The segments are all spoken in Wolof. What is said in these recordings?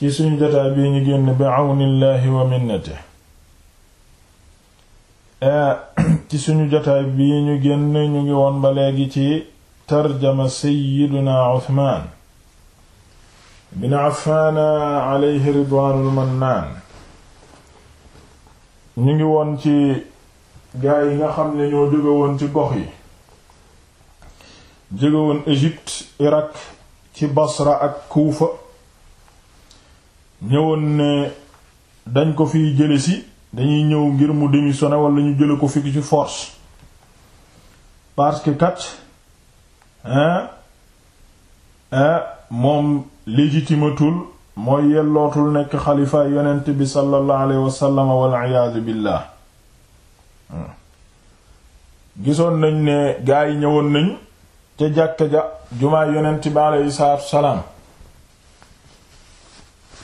ci suñu jotaay bi ñu génn bi àwnillaahi wa minnate ci suñu jotaay bi ñu génn ñu ngi woon ba léegi ci tarjama seyyiduna Usmaan bin Affaan alayhi ridwaanul mannaan ñu ngi woon ci gaa yi nga xam ne ñoo jóge woon ci gox yi jóge woon Égypte Irak ci Basra ak Kuufa ñëwoon ne dañ ko fi jële si dañuy ñëw ngir mu démissionner wala ñu jële ko fii ci force parce que kat hein moom légitimatul mooy yellootul nekk xalifa yonent bi sallallahu alayhi wal iyaadu billah hmm. gisoon nañ ne gaa yi ñëwoon nañ ca jàkka ja jumaa yonent bi alayhi salaatu wassalaam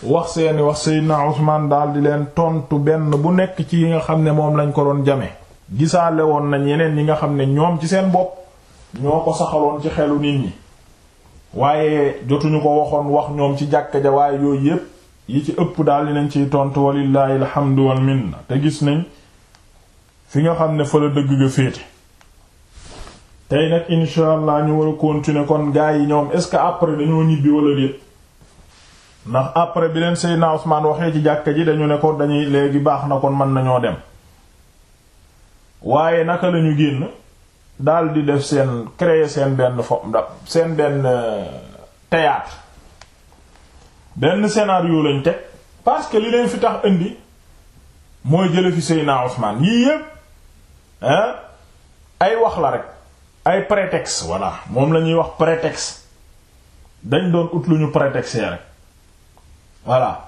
wax seeni wax Seydina Usmaan daal di leen tontu benn bu nekk ci yi nga xam ne moom lañ ko doon jame gisaale woon nañ yeneen yi nga xam ne ñoom ci seen bopp ñoo ko saxaloon ci xelu nit ñi waaye jotuñu ko waxoon wax ñoom ci jàkka ja waaye yooyu yépp yi ci ëpp daal di nañ ciy tontu walillaahi alhamdu wal minna te gis nañ fi nga xam ne fa la dëgg ga féete tey nag incha ñu war a continuer kon gaa yi ñoom est ce que après dañoo ñibbi wala déet ndax après bi leen Seydina Usmaan waxee ci jàkka ji dañu ne ko dañuy léegi baax na kon mën nañoo dem waaye naka lañu génn daal di def seen créer seen benn fo seen benn euh, théâtre benn scénario lañ teg parce que li leen fi tax indi mooy jële fi Seydina Usmaan yii yépp hein ay wax la rek ay prétexte voilà moom la ñuy wax prétexte dañ doon ut lu ñu prétexte rek voilà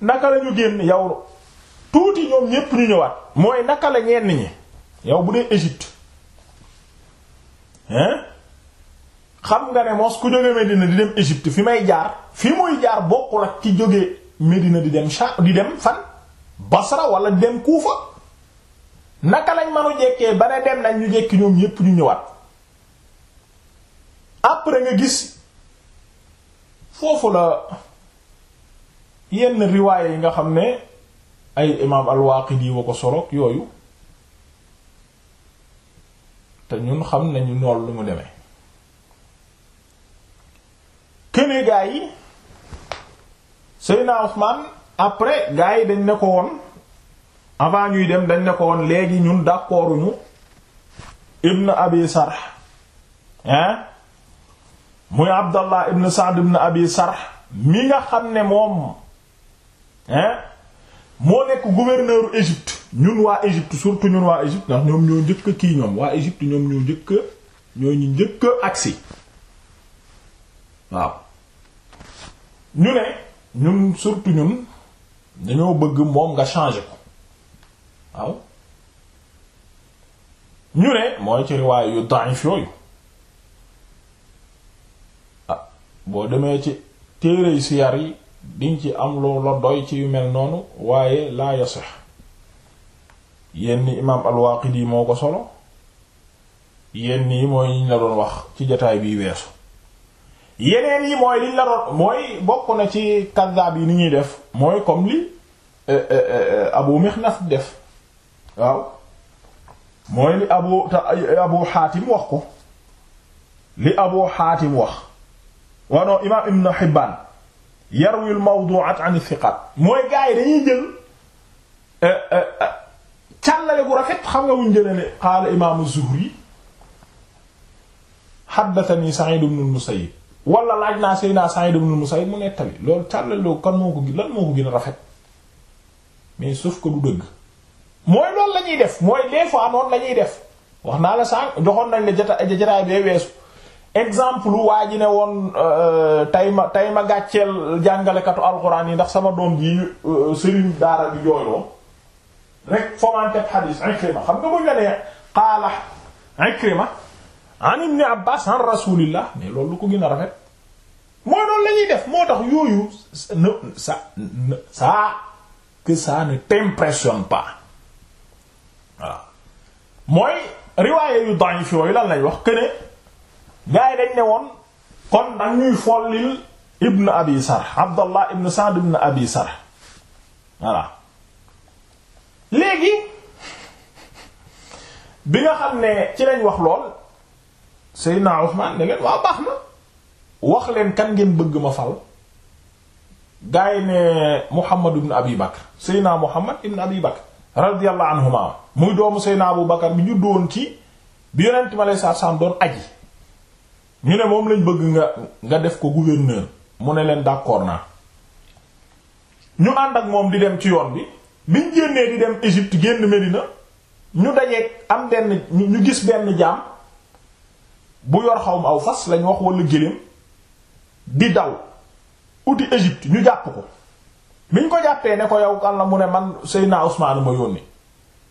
naka lañu ñu génn yow tuuti ñoom ñépp ñu ñëwaat mooy naka la ñenn ñi yow bu dee Égypte hein xam nga ne mos ku jógee Medina di dem Égypte fi may jaar fi muy jaar bokkul ak ki jógee Medina di dem Sha di dem fan Basra wala di dem Kuufa naka lañ manu jekkee ba ne dem nañ ñu jekki ñoom ñépp ñu ñëwaat après nga gis foofu la. yenn riwaaya yi nga xam ne ay imaam al-Waaqidi wa ko solo yooyu te ñun xam ñu nool lu mu demee këne gaa yi Seydina Usmaan après gaa yi dañ ne ko woon avant ñuy dem dañ ne ko woon léegi ñun d'accorduñu ibn abi sarh hein muy Abdallah ibn Sa'd ibn abi sarh mi nga xam ne moom hein moo nekk gouverneur Égypte ñun waa Égypte surtout ñun waa Égypte ndax ñoom ñoo njëkk kii ñoom waa Égypte ñoom ñoo njëkk ñoo ñu njëkk agsi waaw ñu ne ñun dañoo bëgg moom nga changer ko waaw ñu ne mooy ci riwaay yu da'if yooyu ah boo demee ci téere siyar yi diñ ci am loo la ci yu mel noonu waaye laa yasex yenn imaam al-Waaqidi moo ko solo yenn yi mooy liñ la doon wax ci jotaay bi weesu yeneen yi mooy liñ la doon mooy bokk na ci kaddaab yi ni ñuy def mooy comme li eh, eh, eh, Abu Mixnaf def waaw mooy li Abu Abu Xaatim wax ko li Abu Xaatim wax wanoo imaam Ibn Hibbaan yarwil mawdu'at an thiqat mooy gars yi dañuy jël euh, euh, euh, càllale bu rafet xam nga wuñ jëlee ne qaala imaamu Zuhri haddathani Sa'id ibn al-Musayyib wala laaj naa Seydina Sa'id ibn al-Musayyib mu nettali loolu càllale kan moo ko lan moo ko gën a rafet mais sauf que du dëgg mooy loolu la def mooy des fois noonu la def wax naa la sànq joxoon nañ la jota jataay bee weesu. exemple waa ji ne woon euh, tay ma tay ma gàcceel jàngalekatu alxuraan yi ndax sama doom ji euh, sëriñ daara bi jooyloo rek fomanteeb xadiis Ikrima xam nga mu nga nee qaala Ikrima an ibn Abbaas an rasuulillah mais loolu lu ko gën a rafet mooy loolu lañuy def moo tax yooyu ça ça que ça ne t'impressionne pas waaw mooy riwaaye yu da'if yooyu lan lañ wax que gaa yi dañ ne woon kon dañuy follil ibn abi sarh abdallah ibn sa'd ibn abi sarh voilà léegi bi nga xam ne ci lañ wax lool Seydina Usman ne leen waaw baax na wax leen kan ngeen bëgg ma fal gaa yi ne Muhammad ibn Abi Bakr Seydina Muhammad ibn Abi Bakr radiyallahu anhuma muy doomu Seydina Abu Bakr bi ñu doon ci bi yonent mi alayhi salaam doon aji ñu ne moom lañ bëgg nga nga def ko gouverneur mu ne leen d'accord naa ñu ànd ak moom di dem ci yoon bi biñ génnee di dem Égypte génn Médina ñu dajeeg am benn ñu gis benn jaam bu yor xawma aw fas lañ wax wala géléem di daw uti Égypte ñu jàpp ko biñ ko jàppee ne ko yow kan la mu ne man Seydina Ousmane ma yónni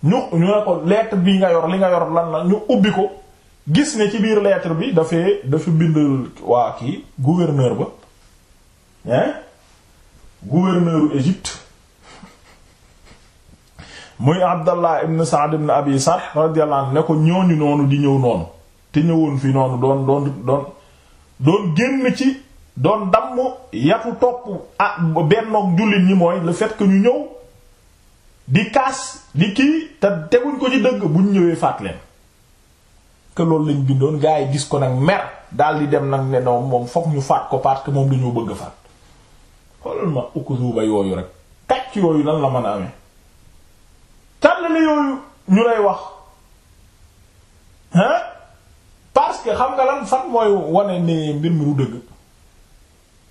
ñu ñu ne ko lettre bii nga yor li nga yor lan la ñu ubbi ko gis ne ci biir lettre bi dafee dafa bind waa kii gouverneur ba hein gouverneuru Égypte muy Abdallah ibn Sa'd ibn Abi Sarh radiyallahu anhu ne ko ñooñu noonu di ñëw noonu te ñëwoon fi noonu doon doon doon doon génn ci doon damm yatu topp ah bennoog jullit ñi mooy le fait que ñu ñëw di kaas di kii te teguñ ko ci dëgg bu ñu ñëwee faat que loolu lañ bindoon gars yi gis ko nag mer daal di dem nag ne noom moom fokk ñu faat ko parce que moom dañoo bëgg a faat xoolal ma ukkusu ba yooyu rek kàcc yooyu lan la mën a amee tànn la yooyu ñu lay wax hein parce que xam nga lan fan mooy wane ni mbir mi du dëgg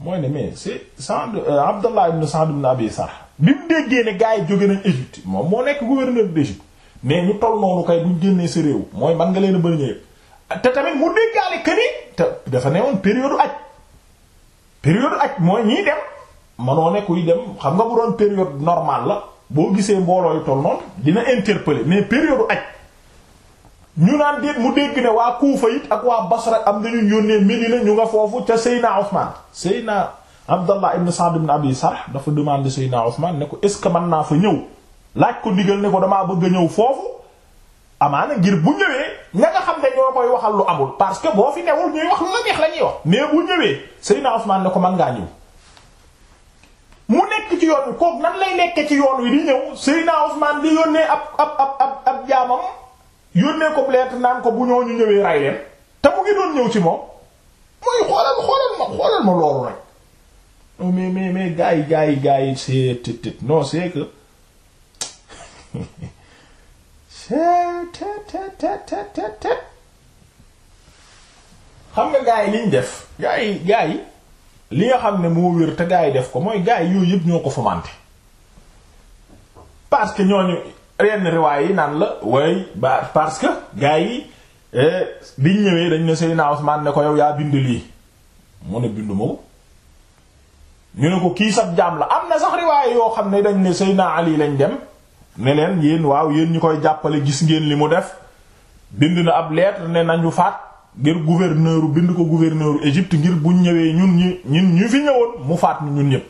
mooy ne mais c'est Sa'd euh, Abdallah ibn Sa'd ibn Abi Sarh bi mu déggee ne gaa yi jóge nañ Égypte moom moo nekk gouverneur d'Égypte mais ñu toll noonu kay buñ génnee sa réew mooy man nga leen a bëri ñëpp te tamit mu déggaale kër te dafa newoon période aj période aj mooy ñiy dem manoo ne kuy dem xam nga bu doon période normale la boo gisee mbooloo yu toll noonu dina interpeller mais période aj ñu naan déet mu dégg ne waa Kuufa it ak waa Basra am nañu yónnee Medina ñu nga foofu ca Seyna Ousmane Seyna Abdallah ibn Sa'd ibn Abi Sarh dafa demandé Seyna Ousmane ne ko est ce que mën naa fa ñëw. laaj ko ndigal ne ko damaa bëgg a ñëw foofu amaana ngir bu ñëwee nga nga xam ne ñoo koy waxal lu amul parce que boo fi newul ñuy wax lu la neex la wax mais bu ñëwee Seydina Ousmane ne ko man ngaa ñëw mu nekk ci yoon wi kook nan lay nekke ci yoon wi di ñëw Seydina Ousmane di yónnee ab ab ab ab jaamam yónnee ko lettre naan ko bu ñoo ñu ñëwee ray leen te mu ngi doon ñëw ci moom mooy xoolal xoolal ma xoolal ma loolu rek mais mais mais gars yi gars yi xam nga gaa yi liñ def gaa yi gaa yi li nga xam ne moo wér te gaa yi def ko mooy gaa yi yooyu yëpp ñoo ko fomante parce que ñooñu yenn riwaay yi naan la way ba parce que gaa yi eh, biñ ñëwee dañ ne Seydina Usmaan ne ko yow yaa bind lii mu ne bindu ma ñu ne ko kii sab jaam la am na sax riwaay yoo xam ne dañ ne Seydina Ali lañ dem ne leen yéen waaw yéen ñu koy jàppale gis ngéen li mu def bind na ab lettre ne nañu faat ngir gouverneur bind ko gouverneur Égypte ngir buñ ñëwee ñun ñi ñun ñu fi ñëwoon mu faat ñun ñëpp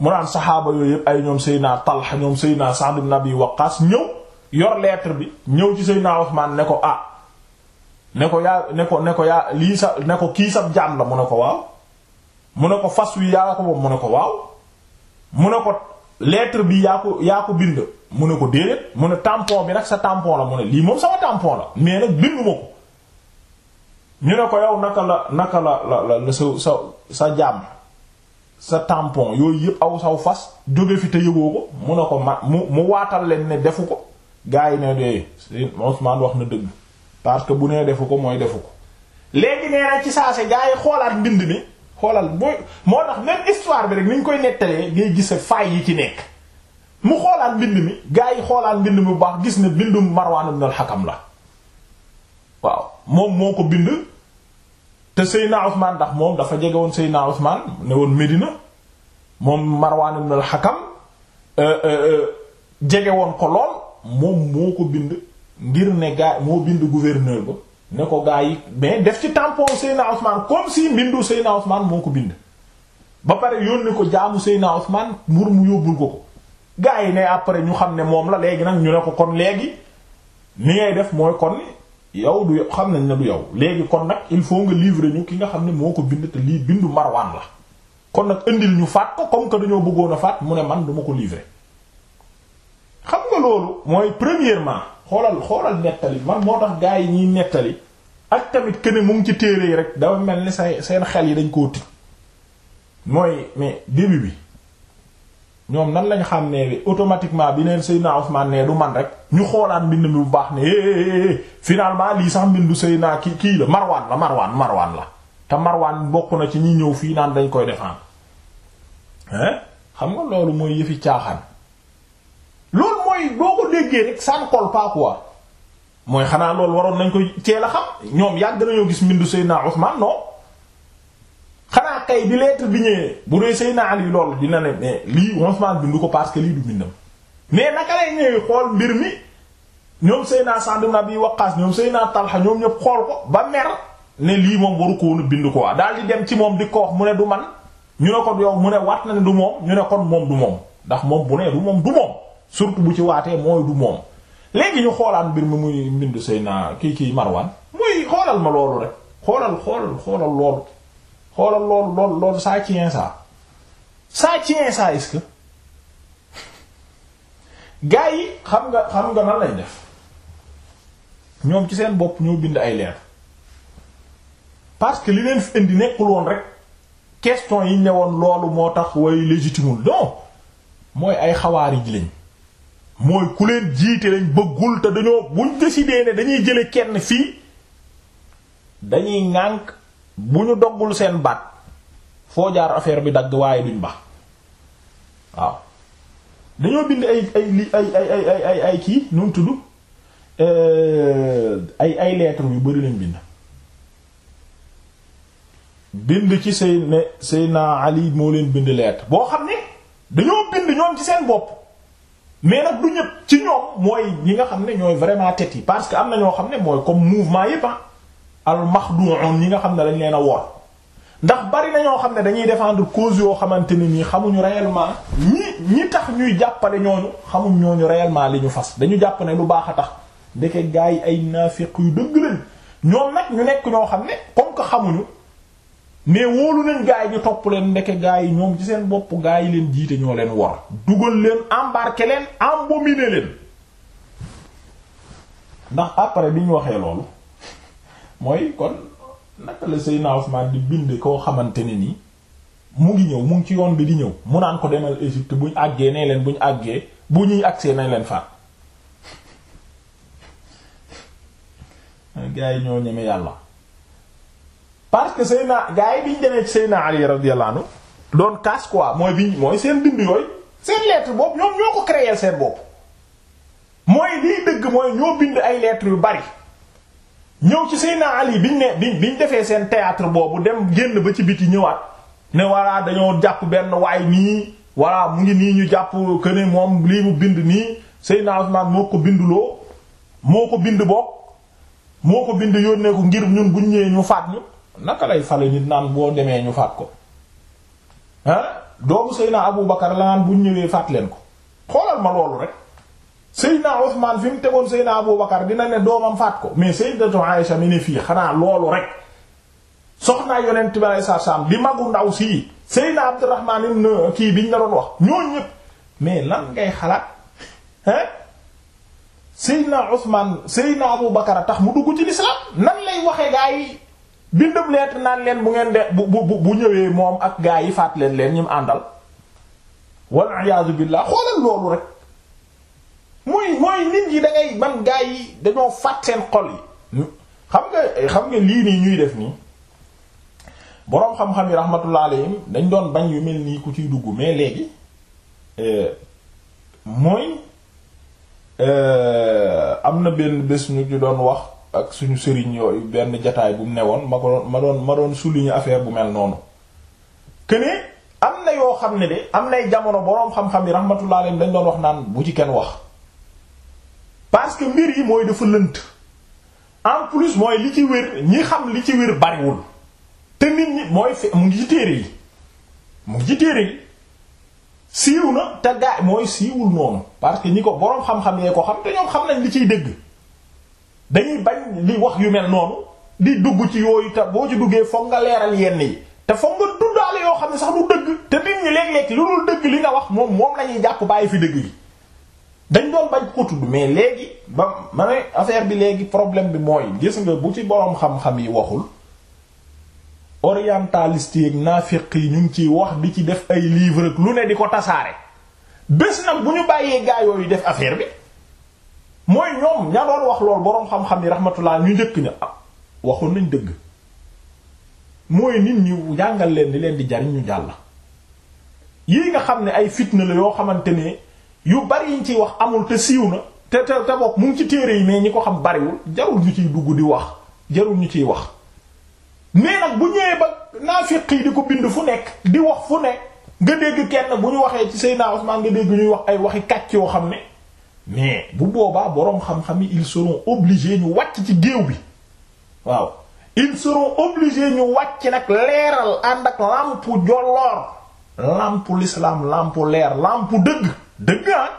mu naan saxaaba yooyu yëpp ay ñoom Seydina Talha ñoom Seydina Sa'd ibn Abi Waqqas ñëw yor lettre bi ñëw ci Seydina Usmaan ne ko ah ne ko yaa ne ko ne ko yaa lii sa ne ko kii sab jaam la mu ne ko waaw mu ne ko fas wi yaa ko moom mu ne ko waaw mu ne leetre bi yaa ko yaa ko bind mu ne ko déedéet mu ne tampon bi nag sa tampon la mu ne lii moom sama tampon la mais nag binduma ko ñu ne ko yow naka la naka la la la sa sa sa jàmm sa tampon yooyu yëpp aw saw fas jóge fi te yëgoo ko mu ne ko mat mu mu waatal leen ne defu ko gars yi ne de Ousmane wax na dëgg parce que bu nee defu ko mooy defu ko léegi nee na ci saa si gars yi xoolaat mbind mi xoolal mooy moo tax même histoire bi rek ni ñu koy nettalee ngay gis faay yi ci nekk mu xoolaan mbind mi gaa yi xoolaan mbind mi bu baax gis ne bindum Marwaan ibn al-Hakam la waaw moom moo ko bind te Seydina Usmaan ndax moom dafa jege woon Seydina Usmaan ne woon Medina moom Marwaan ibn al-Hakam euh, euh, euh, jege woon ko lool moom moo ko bind ngir ne gaa moo bind gouverneur ba ne ko gaa yi mais def ci tampon Seyna Ousmane comme si mbindu Seyna Ousmane moo ko bind ba pare yónni ko jaamu Seyna Ousmane mburu mu yóbbul ko ko gaa yi ne après ñu xam ne moom la leegi nag ñu ne ko kon léegi ni ngay def mooy kon yow du xam nañ ne du yow léegi kon nag il faut nga livrer ñu ki nga xam ne moo ko bind te bindu Marwaan la kon nag indil ñu faat ko comme que dañoo bëggoon a faat mu ne man duma ko livrer xam nga loolu mooy premièrement xoolal xoolal nettali man moo tax gaa yi ñuy nettali ak tamit këne mu ngi ci téere yi rek dafa mel ni say seen xel yi dañ koo tij mooy mais début bi ñoom nan lañ xam ne automatiquement bi neen Seydina Ousmane ne du man rek ñu xoolaat mbind mi bu baax ne eh, eh, eh, finalement lii sax mbindu naa kii kii la Marwan la Marwan Marwan la te Marwan bokku na ci ñi ñëw fii naan dañ koy defaan hein xam nga loolu mooy yëfi caaxaan loolu mooy boo ko déggee rek ça ne colle mooy xanaa loolu waroon nañ ko teel a xam ñoom yàgg nañoo gis mbindu Seydina Ousmane non xanaa kay bi lettre bi ñëwee bu dee Seydina Ali loolu dina ne mais lii Ousmane bindu ko parce que lii du bindam mais naka lay ñëwee xool mbir mi ñoom Seydina Sa'd ibn Abi Waqqas ñoom Seydina Talha ñoom ñëpp xool ko ba mer ne lii moom waru ko woon bind ko waa daal di dem ci moom di ko wax mu ne du man ñu ne ko yow mu ne wat na ne du moom ñu ne kon moom du moom ndax moom bu ne du moom du moom. surtout bu ci waatee mooy du moom léegi ñu xoolaat mbir mu muy mbind say naa kii kii Marwan muy xoolal ma loolu rek xoolal xoolal xoolal loolu xoolal loolu loolu loolu ça tient ça ça tient ça est-ce que yi xam nga xam nga nan lay def ñoom ci seen bopp ñoo bind ay leer parce que li leen fi indi nekkul woon rek question yi ne woon loolu moo tax way légitimul non mooy ay xawaarij lañ mooy ku leen jiite lañ bëggul te dañoo buñ décidé ne dañuy jële kenn fii dañuy ŋànk bu ñu doggul seen baat foo jaar affaire bi dagg waaye duñ ba waaw dañoo bind ay ay li ay ay kii nu mu tudd euh, ay ay lettres yu bari lañ bind bind ci say ne Seydina Ali moo leen bind lettre boo xam ne dañoo bind ñoom ci seen bopp mais nag du ñëpp ci ñoom mooy ñi nga xam ne ñooy vraiment tête yi parce que am na ñoo xam ne mooy comme mouvement yépp ah. al maxduun ñi nga xam ne dañ leen a woor ndax bari na ñoo xam ne dañuy défendre cause yoo xamante ne nii xamuñu réellement ñi ñi tax ñuy jàppale ñooñu xamuñ ñooñu réellement li ñu fas dañu jàpp ne lu baax a tax ndeke gaa yi ay naafiq yu dëgg lañ ñoom nag ñu nekk ñoo xam ne comme que xamuñu mais wóolu nañ gaa yi ñu topp leen ndeke gaa yi ñoom ci seen bopp gaa yi leen jiite ñoo leen war dugal leen embarquer leen embaumer leen ndax après bi ñu waxee loolu mooy kon naka la Seydina Usmaan di bind koo xamante ne ni mu ngi ñëw mu ngi ci yoon bi di ñëw mu naan ko demal Égypte bu ñu àggee nee leen bu ñu àggee bu ñuy agsee nañ leen faat gaa yi ñoo ñeme yàlla parce que Seyna gars yi biñ demee ci Seyna Ali radiyallahu doon kaas quoi mooy biñ mooy seen bind yooyu seen lettre boobu yu bari ñëw ci Seyna Ali biñ ne biñ biñ defee seen théâtre boobu dem génn ba ci biti ñëwaat ne walla dañoo jàpp benn waay nii walla mu ngi nii ñu jàpp que moom lii mu bind nii Seyna Usman moo ko binduloo moo ko bind bokk moo ko bind yónnee ko ngir ñun buñ ñëwee ñu faat ñu. naka lay fale nit naan boo demee ñu faat ko ah doomu Seydina Abu Bakar la naan bu ñëwee faat leen ko xoolal ma loolu rek Seydina Ousmane fi mu tegoon Seydina Abu Bakar dina ne doomam faat ko mais Sayyidatu Aïsha mi ne fii xanaa loolu rek soxnaa yonent bi magu ndaw sii Seydina Abdurrahman kii biñ la wax ñooñu ñëpp mais lan ngay xalaat hein Seydina Ousmane Bakar tax mu dugg ci lislaam nan lay waxe gaa yi bindub lettre naan leen bu ngeen de bu bu bu ñëwee moom ak gaa yi faat leen leen ñim àndal wal iyaazu billaah xoolal loolu rek mooy mooy nit yi da man gaa yi dañoo faat seen xol yi xam nga xam nga lii nii ñuy def nii boroom xam-xam yi rahmatullah alayhim dañ doon bañ yu mel nii ku ciy dugg mais léegi euh, mooy euh, am na benn bés ñu ci doon wax ak suñu sëriñ yooyu benn jataay bu mu newoon ma ko ma doon ma doon souligner affaire bu mel noonu que ne am na yoo xam ne de am nay jamono boroom xam-xam yi rahmatullah alayhi dañ doon wax naan bu ci kenn wax parce que mbir yi mooy dafa lënt en plus mooy li ci wér ñi xam li ci wér bariwul te nit ñi mooy fi mu ngi ci téere yi mu ngi ci téere yi siiw na te gaay mooy siiwul noonu parce que ñi ko boroom xam-xam yee ko xam te ñoom xam nañ li ciy dégg dañuy bañ li wax yu mel noonu di dugg ci yooyu te boo ci duggee foog nga leeral yenn yi te foog nga dundaale yoo xam ne sax du dëgg te nit ñi léeg dëgg li nga wax moom moom lañuy jàpp bàyyi fi dëgg yi dañ doon bañ ko mais léegi ma ne affaire bi léegi problème bi mooy gis nga bu ci boroom xam yi waxul orientaliste yi ak naafiq yi ñu ngi ciy wax di ci def ay livre lu ne di ko tasaare bés nag bu ñu bàyyee gaa yooyu def affaire bi mooy ñoom ña wax lool boroom xam-xam yi rahmatullah ñu njëkk ña ah waxoon nañ dëgg mooy nit ñi jàngal leen di leen di jariñ ñu jàll. yii nga xam ne ay fitna la yoo xamante ne yu bari yiñ ciy wax amul te siiw na te te te boog mu ngi ci téere yi mais ñi ko xam bariwul jarul ñu ciy dugg di wax jarul ñu ciy wax. mais nag bu ñëwee ba naafiq yi di ko bind fu nekk di wax fu ne nga dégg kenn bu ñu waxee ci Seydina Usmaan nga dégg ñuy wax ay waxi kàcc yoo xam ne. mais bu boobaa boroom xam-xam yi ils seront obligés ñu wàcc ci géew bi waaw ils seront obligés ñu wàcc nag leeral ànd ak làmpu jolloor làmpu l'islam làmpu leer làmpu dëgg dëgg ah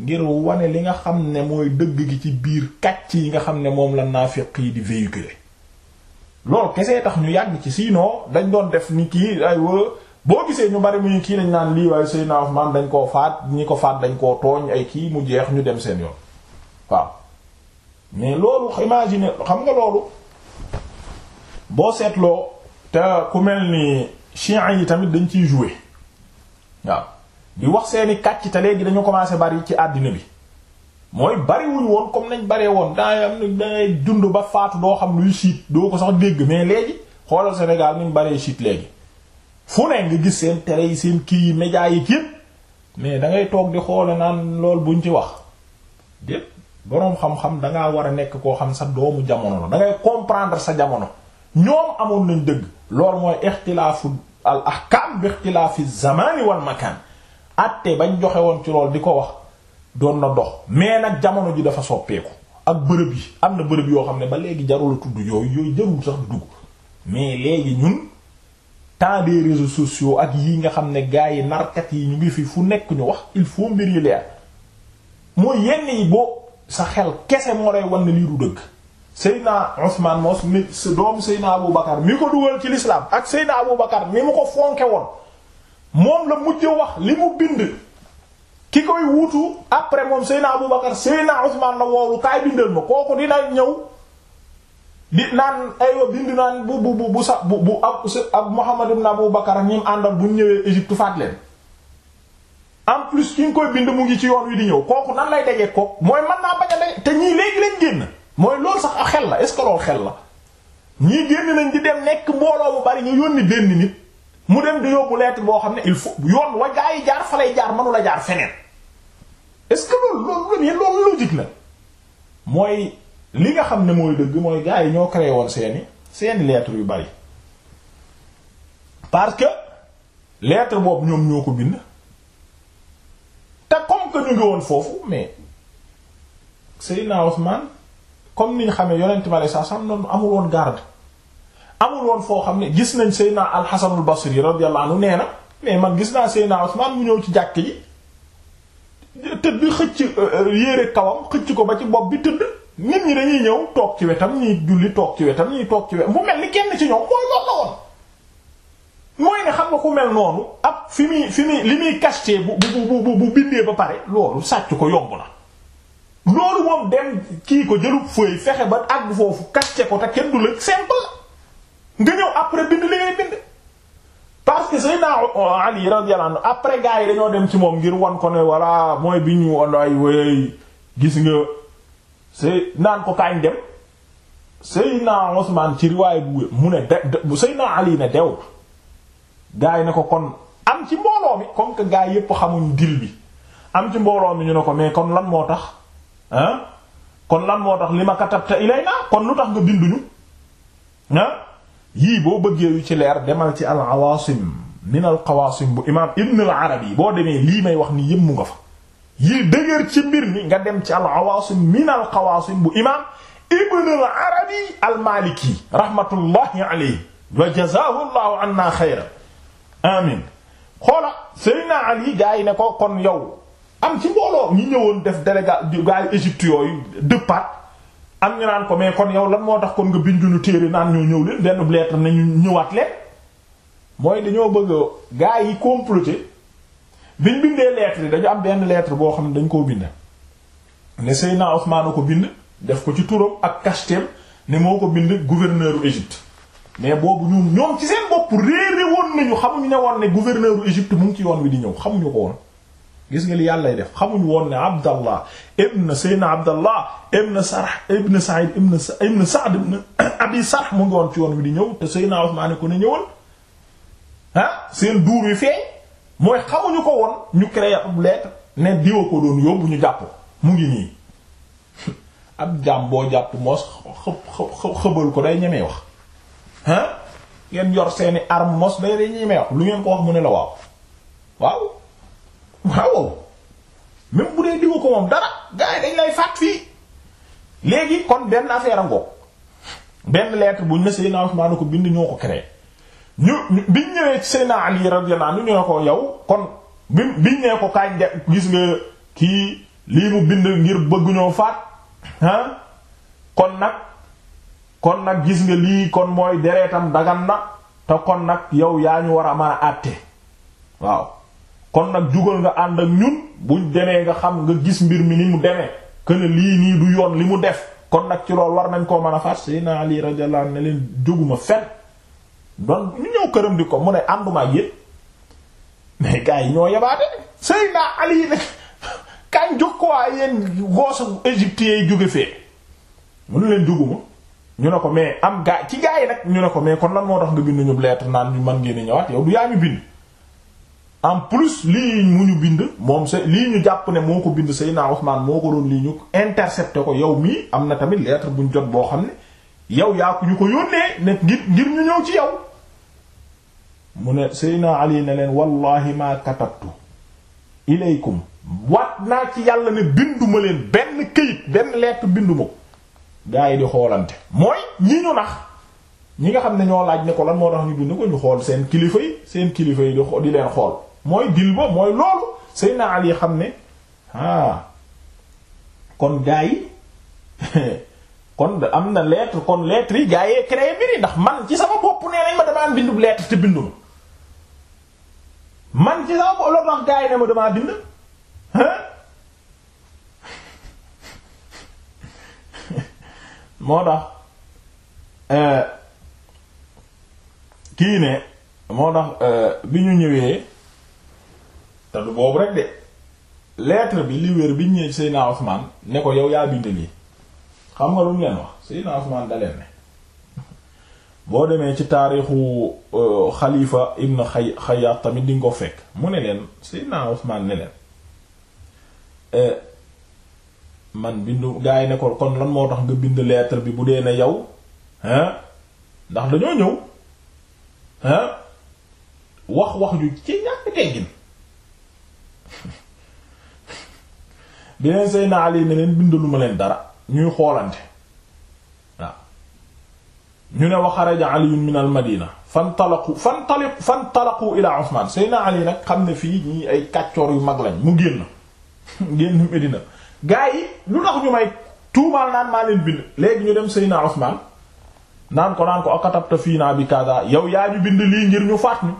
ngir wane li nga xam ne mooy dëgg gi ci biir kàcc yi nga xam ne moom la naafiq yi di véhiculer loolu kese tax ñu yàgg ci sinon dañ doon def ni kii aywa boo gisee ñu bari muy kii lañ naan lii waaye Seydina Usmaan dañ koo faat ñi ko faat dañ koo tooñ ay kii mu jeex ñu dem seen yoon waaw mais loolu imagine xam nga loolu boo seetloo te ku mel ni chiites yi tamit dañ ciy jouer waaw di wax seeni kàcc te léegi dañu commencé bari ci àddina bi mooy bariwuñ woon comme nañ baree woon daa am na dangay dund ba faatu doo xam luy siit doo ko sax dégg mais léegi xoolal Sénégal niñ baree siit léegi fu ne nga gis seen télé yi seen kii yi média yi képp mais dangay toog di xoole naan lool buñ ci wax dépp boroom xam-xam dangaa war a nekk koo xam sa doomu jamono la da ngay comprendre sa jamono ñoom amoon nañ dëgg loolu mooy ixtilaafu al ahkam bi ixtilaafi zamani wal makan atte bañ joxe woon ci lool di ko wax doon na dox mais nag jamono ji dafa soppeeku ak bërëb yi am na bërëb yoo xam ne ba léegi jarul a tudd yooyu yooyu jarul sax dugg mais léegi ñun temps des réseaux sociaux ak yi nga xam ne gars yi narkat yi ñu ngi fi fu nekk ñu wax il faut mbir yi leer mooy yenn yi boo sa xel kese moo lay wan ne lii du dëgg Seydina Ousmane Mos mi sa doom Seydina Abou Bakar mi ko dugal ci l'islam ak Seydina Abou Bakar mi mu ko fonke woon moom la mujj wax li mu bind ki koy wuutu après moom Seydina Abou Bakar Seydina Ousmane la woolu kaay bindal ma kooku dina ñëw di naan aywa bind naan bu bu bu sa bu bu ab ab Muhammad ibn Abu Bakar ñi mu àndal bu ñëwee Égypte faat leen en plus ki nga koy bind mu ngi ci yoon wi di ñëw kooku nan lay dajee kook mooy man naa bañ a daj te ñii léegi lañ génn mooy loolu sax a xel la est ce xel la ñii génn nañ di dem nekk mbooloo bu bari ñu yónni benn nit mu dem di yóbbu lettre boo xam ne il faut yoon wa gaa yi jaar fa lay jaar mënu la jaar feneen est ce que loolu loolu loolu logique li nga xam ne mooy dëgg mooy gars yi ñoo créé woon seeni seeni lettres yu bari parce que lettre boobu ñoom ñoo ko bind te comme que ñu ngi woon foofu mais Seydina Ousmane comme niñ xamee yonent bi alei sat selaam noonu amul woon garde amul woon foo xam ne gis nañ Seydina Al-Hasan al-Basri radiyallahu nee na mais man gis naa Seydina Ousmane mu ñëw ci jàkk ji tëdd xëcc euh, yére kawam xëcc ko ba ci bopp bi tëdd nit ñi dañuy ñëw toog ci wetam ñuy julli toog ci wetam ñuy toog ci wetam mu mel ni kenn ci ñoom mooy loolu la woon mooy xam nga ku mel noonu ab fi muy fi muy li muy caché bu ba pare loolu ko yomb loolu moom kii ko jëlub fooy fexe ba àgg foofu caché ko te kenn du la que Seydina Ali radiyallahu anhu après gars dañoo dem ci moom ngir wan ko ne voilà mooy bi ñu wan ay wéy gis nga. sëy naan ko kaañ dem Seydina Usmaan ci bu mu ne de bu Seydina Ali ne dew gaa yi ne ko kon am ci mbooloo mi comme que gaa yépp xamuñ dil bi am ci mbooloo mi ñu ne ko mais kon lan moo tax kon lan moo tax li ma katabta ilayna kon lu tax nga binduñu ah yii boo bëggee yu ci leer demal ci al awaasim min al qawaasim bu imaam Ibn al yi boo demee lii may wax ni yépp mu nga fa yi dëgër ci mbir mi nga dem ci al awaasim min al qawaasim bu imaam ibn al arabi al maliki rahmatullahi alayhi wa jazaahu amin xoola Seydina Ali gaa yi ne ko kon yow am ci mbooloo ñi ñëwoon def délégat gaa yi Égypte yooyu dëppaat am ñu naan ko mais kon yow lan moo tax kon nga binduñu téere naan ñoo ñëw leen benn lettre nañu ñëwaat leen mooy dañoo bëgg gaa yi comploter biñ bindee lettre yi dañu am benn lettre boo xam ne dañ koo bind ne Seydina Ousmane ko bind def ko ci turam ak kasteem ne moo ko bind gouverneur u mais boobu ñun ñoom ci seen bopp réere woon ne woon ne gouverneur ci yoon wi di ñëw xamuñu ko woon gis nga li yàllay def xamuñu woon ne Abdallah ibn Seydina Abdallah ibn Sarh ibn Sa'id ibn ibn Sa'd ibn Abi Sarh mu ngi ci yoon wi di ñëw te Seydina Ousmane ko ne ñëwal ah seen duur wi feeñ mooy xamuñu ko woon ñu créé ab lettre ne diwa ko doon yóbbu ñu jàpp mu ngi nii ab jaam boo jàpp moos xëbal ko day ñemee wax hein ngeen yor seeni arme mos day day ñemee wax lu ngeen ko wax mu ne la waaw waaw waaw même bu dee diwa ko moom dara gars yi dañ lay fàtt fii léegi kon benn affaire a ngoog benn lettre buñ ne Seydina Ousmane ko bind ñoo ko créé ñu biñ ñëwee ci Seydina Ali radiyallahu anhu ñu ne ko yow kon bi biñ nee ko kañ de gis nga kii lii mu bind ngir bëgguñoo faat ah, kon nag kon nag gis nga lii kon mooy deretam dagan na te kon nag yow yaa ñu war a mën àtte waaw kon nag jugal nga ànd ak ñun buñ demee nga xam nga gis mbir mi ni mu demee que ne lii nii du yoon li mu def kon nag ci loolu war nañ koo mën a faat Seydina Ali radiyallahu anhu ne leen jóguma fen doon ñu ñëw këram di ko mu ne ànduma ak yéen mais gars yi ñoo yabaate Seydina Ali ne kañ jox ko waa yéen goosu égyptiens yi jóge fee mënu leen duguma ñu ne ko mais am gaa ci gaa yi nag ñu ne ko mais kon lan moo tax nga bind ñu lettre naan ñu man ngeen ñëwaat yow du yaa ñu bind. en plus lii mu ñu bind moom sa lii ñu jàpp ne moo ko bind Seydina Ousmane moo ko doon lii ñu intercepté ko yow mii am na tamit lettre buñ jot boo xam ne. yow yaa ko ñu ko yónnee ne ngir ngir ñu ñëw ci yaw mu ne Seydina Ali ne leen wallahi ma katabtu ilaykum waat naa ci yàlla ne binduma leen benn këyit benn lettre binduma ko gaa yi di xoolante mooy ñi ñu nax ñi nga xam ne ñoo laaj ne ko lan moo tax ñu bind ko ñu xool seen kilifa yi seen kilifa yi di di leen xool mooy dil mooy loolu Seydina Ali xam ne ah kon gaa yi kon am na lettre kon lettre yi gaa yee créé mbir ndax man ci sama bopp nee nañ ma damaa bindu lettre te binduma man ci sama bopp loolu wax gaa yi ne ma damaa bind hein moo tax euh, kii ne moo tax euh, bi ñu ñëwee te boobu rek de lettre bi li wér bi ñu ñëwee Seydina Ousmane ne ko yow yaa bind lii xam nga lu leen wax Seydina Usmaan da leen ne boo demee ci taarixu euh, xalifa ibn xay xayaat tamit di ko fekk mu ne leen Seydina Usmaan ne leen euh, man bindu gaa yi ne ko lan moo tax nga bind lettre bi bu dee ne yow ndax dañoo ñëw hein wax wax ju ci ñàkk teggin beneen Ali ne leen bindaluma leen dara ñuy xoolante waaw ñu ne wa xaraja aliyun min al madina fantalaqu fantaliqu fantalaqu ila usman seyna ali nag xam ne fii ñii ay kàccoor yu mag lañ mu génn génn medina gaa yi lu tax ñu may tuumaal naan maa leen bind léegi ñu dem seyna usman naan ko naan ko akatabta fii naa bi kaza yow yaa ñu bind lii ngir ñu faat ñu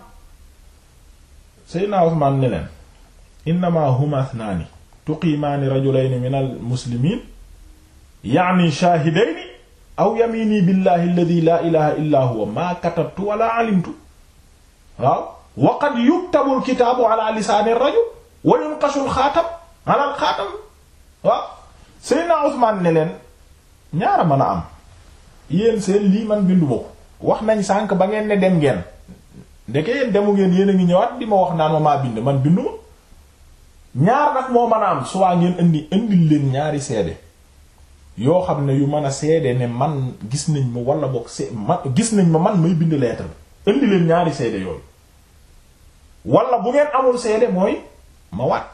seyna usman ne leen innama huma ithnaani tuqimaani rajulayni min al muslimin yaani shaahidayni aw yamini billahi alladhi la huwa ma katabtu wala alimtu waaw wa qad yuktabu alkitaabu ala lisaani ar-rajul wa yunqashu al-xaatam ala al-xaatam waaw Seydina Usmaan ne leen ñaara mën a am yeen seen lii man bindu ma wax nañ sànq ba ngeen ne dem ngeen ndeke yéen ngeen yéen ngi ñëwaat di wax naan ma maa bind man bindu ma ñaar nag moo mën a am su waa ngeen indi indil leen ñaari seede yoo xam ne yu mën a seede ne man gis nañ ma wala boog se ma gis nañ ma man may bind lettre bi indi leen ñaari seede yooyu wala bu ngeen amul seede mooy ma waat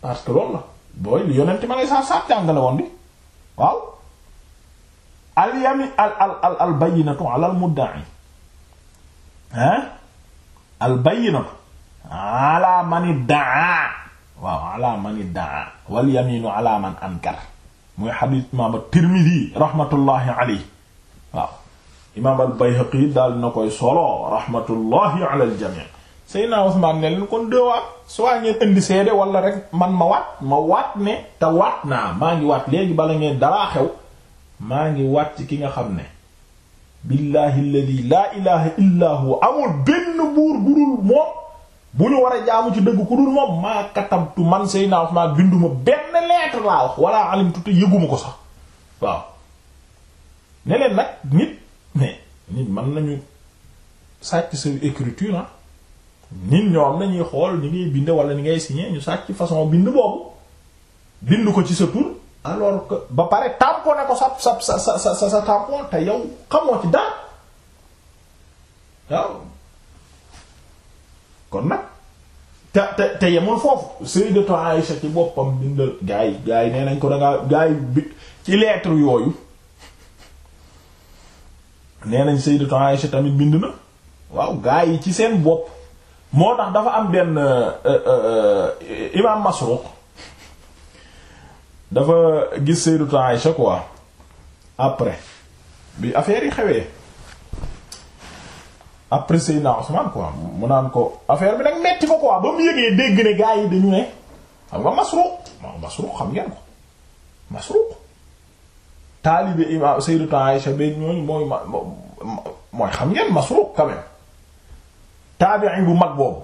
parce que loolu la booy li yonent ma ne saa saa jàngale woon bi waaw al yami al waaw ala man idda'a wal yaminu ala muy xadis imaam at-Tirmidhi rahmatullahi alayhi waaw imaam al daal na koy solo rahmatullahi ala al-jami' Seydina Usmaan ne leen kon dëwaat soit ngeen indi seede wala rek man ma wat ma waat ne te waat naa maa ngi waat léegi bala ngeen daraa xew maa ngi waat ci ki nga xam ne billahi alladhi la ilaha illa huwa amul benn buur bu dul moom bu ñu war a jaamu ci dëgg ku dul moom maa katamtu man Seydina Usmaan binduma benn lettre laa wax wala alimtu te yëguma ko sax waaw ne nag nit nit mën nañu sàcc sa écriture ah nit ñoom nañuy xool ni ngay bind wala ni ngay signer ñu sàcc façon bind boobu bind ko ci sa tur alors que ba pare tamponné ko sa sa sa sa sa tampon te yow xamoo ci dara waaw kon nag te te te yemul foofu sayyidatu Aisha ci boppam bindal gaa yi gaa yi nee nañ ko dangaa gaa yi bi ci lettre yooyu nee nañ sayyidatu Aisha tamit bind na waaw gaa yi ci seen bopp moo tax dafa am benn euh, euh, euh, imaam Masruq dafa gis sayyidatu Aisha quoi après bi affaire yi xewee après Seydina Ousmane quoi mu naan ko affaire bi nag metti ko quoi ba mu yëgee dégg ne gars yi dañu ne xam nga Masruq Masruq xam ngeen ko Masruq taalibe imam Sayyidatu Aïsha beeg ñooñu mooy ma mooy xam ngeen Masruq quand même taabi'i bu mag boobu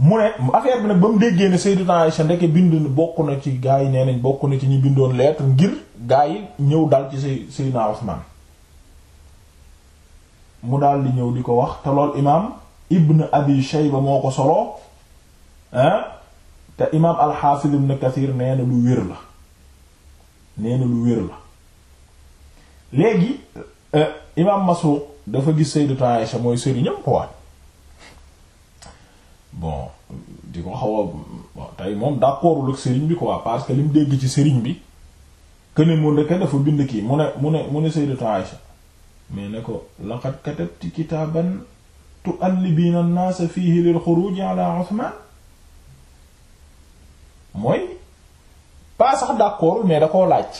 mu ne affaire bi nag ba mu déggee ne Sayyidatu Aïsha ndeke bind bokk na ci gars yi nee nañ bokk na ci ñi bindoon lettre ngir gars yi ñëw dal ci Seydina Ousmane mu daal di ñëw di ko wax te lool imaam ibn abi shayba moo ko soloo ah te imaam alxaafis ibn kathir nee na lu wér la nee na lu wér la léegi euh, imaam Masruq dafa gis sayyidatu Aisha mooy sëriñam quoi bon di ko xaw a bon tey moom d'accordul ak sëriñ bi quoi parce que li mu dégg ci sëriñ bi que mu ne dafa bind kii mu ne mu ne mu ne sayyidatu Aisha mais ne ko laqad katabti kitaaban tu'allibina an-naasa fihi lil xuruj la Usman mooy pas sax d'accord mais da koo laaj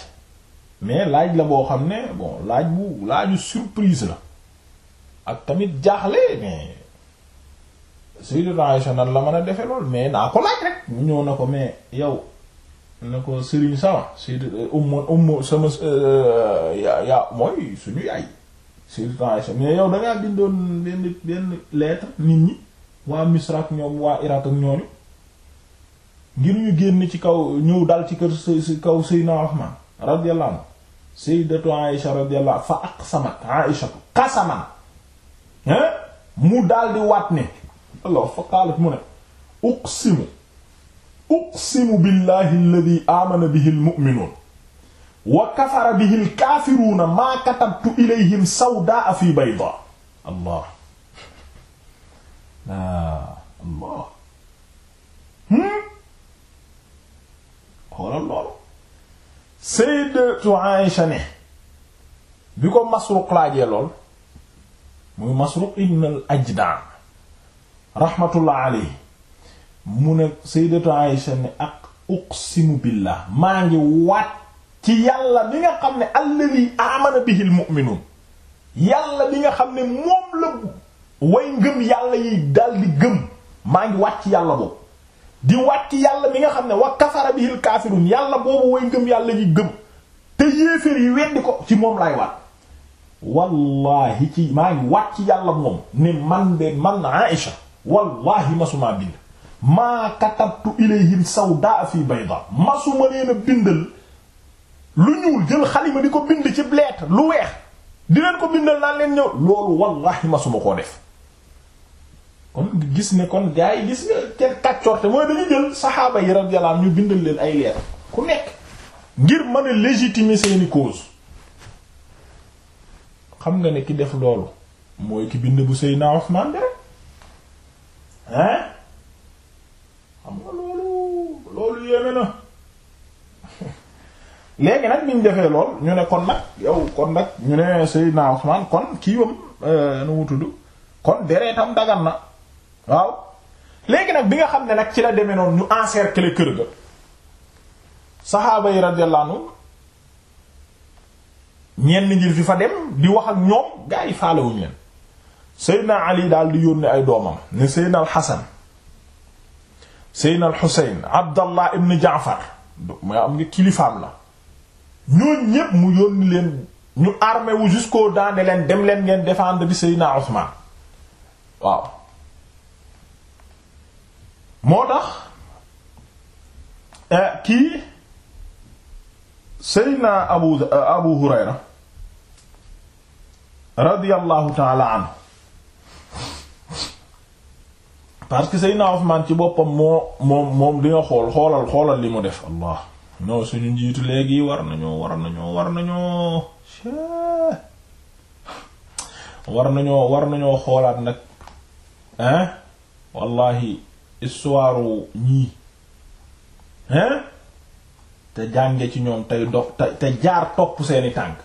mais laaj la boo xam ne bon laaj bu laaju surprise la ak tamit jaaxle mais Sayyidat Aisha nan la mën a defe lool mais naa ko laaj rek mu ñëw na ko mais yow ne ko Serigne sawa Sayyidat ummu ummu sama euh, yaa yaa mooy suñu yaay subvention mais yow dangaa bindoon benn benn lettre nit ñi waa Misra ñoom waa Irak ak ñooñu ngir ñu génn ci kaw ñëw dal ci kër si kaw Seydina Ousmane radiyallahu anhu Sayyidatu Aïsha radiyallahu fa aqsamat Aïsha qasama hein mu daldi waat ne Allah fa qaalat mu ne uqsimu uqsimu billahi alladhi amana bihi almu'minun wa kafara bihi al maa katabtu ilayhim sawdaa fi bayda allah laa allah hmm? loolu sayyidatu Aïsha ne bi ko Masruq laajee lool muy Masruq ibn al-Ajda' rahmatullah alayhi mu ne sayyidatu Aïsha ne ak uqsimu billah maa ngi waat ci yàlla bi nga xam ne alladi amana bihil mu'minun yàlla bi nga xam ne moom la way ngëm yàlla yi dal di gëm maa ngi wàcc yàlla boobu di wàcc yàlla bi nga xam ne wa kafara bihil kaafirun yàlla boobu way ngëm yàlla yi gëm te yéeféer yi weddi ko ci moom laay waat wallahi ci maa ngi wàcc yàlla moom ne man de man Aïsha wallahi masuma bind maa katabtu ilayhim sawdaa fi ma masuma leen a bindal lu ñuul jël xalima di ko bind ci lettre lu weex di leen ko bindal naa leen ñëw loolu wallahi masuma koo def kon gis ne kon gaa yi gis nga kenn kàccorte mooy dañu jël saxaaba yi radiyallahu ñu bindal leen ay lettre ku nekk ngir mën a légitimer seeni cause xam nga ne ki def loolu mooy ki bind bu Seydina Usmaan de hein xam nga loolu loolu yéeme na léegi nag bi ñu defee lool ñu ne kon nag yow kon nag ñu ne Seydina Usmaan kon kii wam euh, nu tudd kon deretam dagan na waaw léegi nag bi nga xam ne nag ci la demee noon ñu encercler kër ga saxaaba yi radiyallahu anhu ñenn ngir fi fa dem di wax ak ñoom gaa yi faalewuñu leen Seydina Ali daal di yónni ay doomam ne Seydina al Hasan Seydina al Husayn Abdallah ibn Jaafar mooy am nga kilifaam la ñooñ ñépp mu yónni leen ñu armé wu jusqu'aux dents ne leen dem leen ngeen défendre bi Seydina Usman waaw moo tax eh, kii Seydina Abu eh, Abu Hurayra radiyallahu taala an parce que Seydina Usman ci boppam moo moom moom di nga xool xoolal xoolal li mu def Allah non suñu njiitu léegi war nañoo war nañoo war nañoo war nañoo war nañoo xoolaat nag hein wallahi histoire ñii hein te jànge ci ñoom tey dox te jaar topp seeni tànk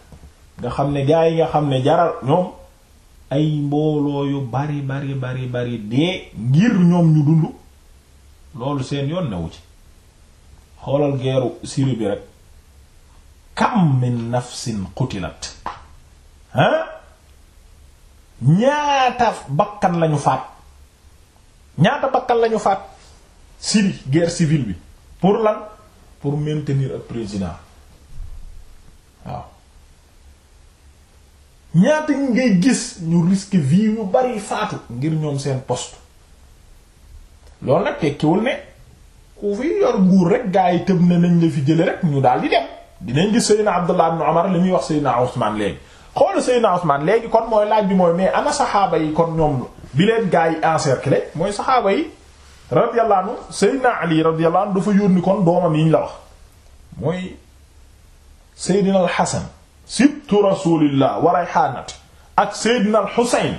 nga xam ne gaa yi nga xam ne jaral ñoom ay mbooloo yu bari bari bari bari dee ngir ñoom ñu dund loolu seen yoon newu ci xoolal geeru Syrie bi rek kam min nafsin qutilat ah ñaata bakkan lañu faat ñaata bakkan lañu faat Syrie guerre civile bi pour lan pour maintenir ak président waaw ñaata ngay gis ñu risque vie yu bari faatu ngir ñoom seen poste loolu nag tekkiwul ne ku fi yor nguur rek gaa yi tëb ne nañ la fi jële rek ñu daal di dem dinañ gis Seydina Abdullah ibn Umar li muy wax Seydina Usman léegi xool Seydina Usman léegi kon mooy laaj bi mooy mais ana saxaaba yi kon ñoom bi leen gaa yi encerclé mooy saxaaba yi radiyallahu anhu Seydina Ali radiyallahu anhu dafa yónni kon doomam yi ñu la wax mooy Seydina al Hasan sibtu rasulillah wa rayhanat ak Seydina al Husayn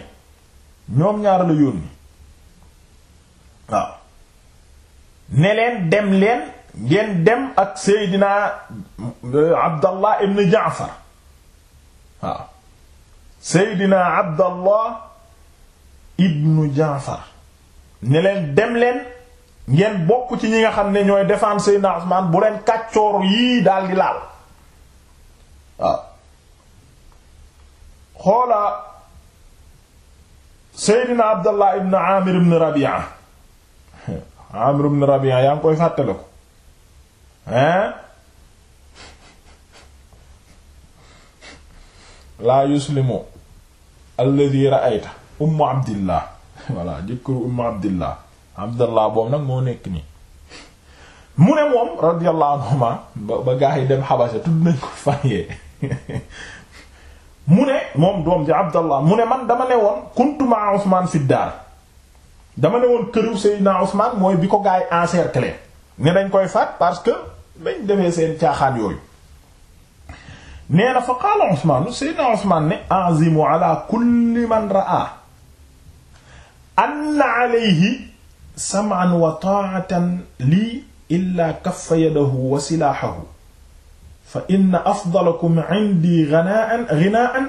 ñoom ñaar la yónni waaw ne leen dem leen ngeen dem ak Seydina euh, Abdallah ibn Jaafar waaw Seydina Abdallah ibn Jaafar ne dem leen ngeen bokk ci ñi nga xam ne ñooy défendre Seydina Usmaan bu leen kàccoor yii daal di laal waaw xoola Seydina Abdallah ibn Amir ibn Rabi'a Amr ibn Rabi'a yaa ngi koy fàttale ko hein laa yuslimu alladhi ra'ayta ummu abdillah voilà jëkkëru ummu abdillah abdillah boobu nag moo nekk nii mu ne moom radiyallahu anhuma ba ba gaa yi dem xabasa tudd nañ ko fàyyee mu ne moom doom ji abdallah mu ne man dama ne woon kuntu ma'a Usman fi dama ne woon këru Seydina Ousmane mooy bi ko gaay encercler ne dañ koy faat parce que dañ defee seen caaxaan yooyu nee na fa qaala Ousmane Seydina Ousmane ne azimu ala kulli man raa anna alayhi sam'an wa ta'atan lii illa kaffa yadahu wa silaahahu fa inna afdalakum indi ghinaan ghinaan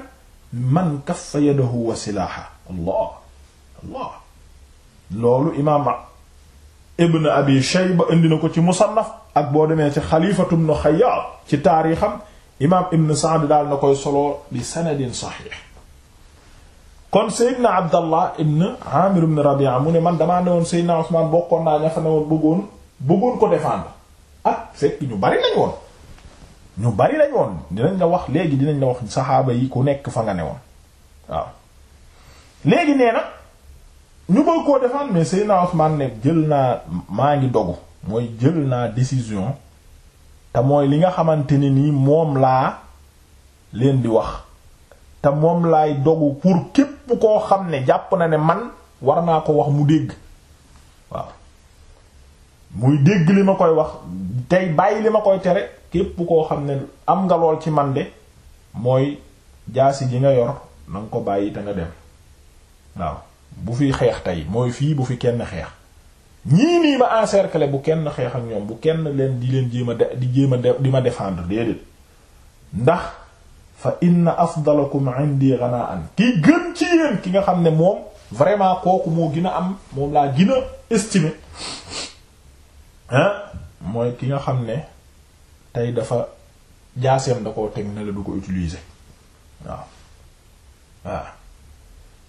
man kaffa yadahu wa silaahahu allah allah loolu imaam ibn abi ba indi na ko ci musannaf ak boo demee ci xalifatu ibn xayaat ci taarixam imaam ibn saad daal na koy solo bi sanadin saxiix kon seydna abdallah ibn amir ibn rabia mu ne man damaa ne woon seydna usmaan bokkoon naa ña fa ne woon bëggoon bëggoon ko défendre ak fekk ñu bari lañ woon ñu bari lañ woon dinañ la wax léegi dinañ la wax saxaaba yi ku nekk fa nga ne woon waaw léegi nee na ñu bëgg koo defaan mais Seydina Ousmane ne jël naa maa ngi dogu mooy jël naa décision te mooy li nga xamante ni nii moom laa leen di wax te moom laay dogu pour képp koo xam ne jàpp na ne man war naa ko wax mu dégg waaw muy dégg li ma koy wax tey bàyyi li ma koy tere képp koo xam ne am nga lool ci man de mooy jaasi ji nga yor na nga ko bàyyi te nga dem waaw bu fi xeex tey mooy fii bu fi kenn xeex ñii nii ma encercler bu kenn xeex ak ñoom bu kenn leen di leen jéem a de di jéem a de di ma défendre déedéet ndax fa inna afdalakum indi ghanaan ki ki nga xam ne moom vraiment kooku moo gën a am moom laa gën a mooy ki nga xam ne tey dafa jaaseem da koo teg la du ko utiliser waaw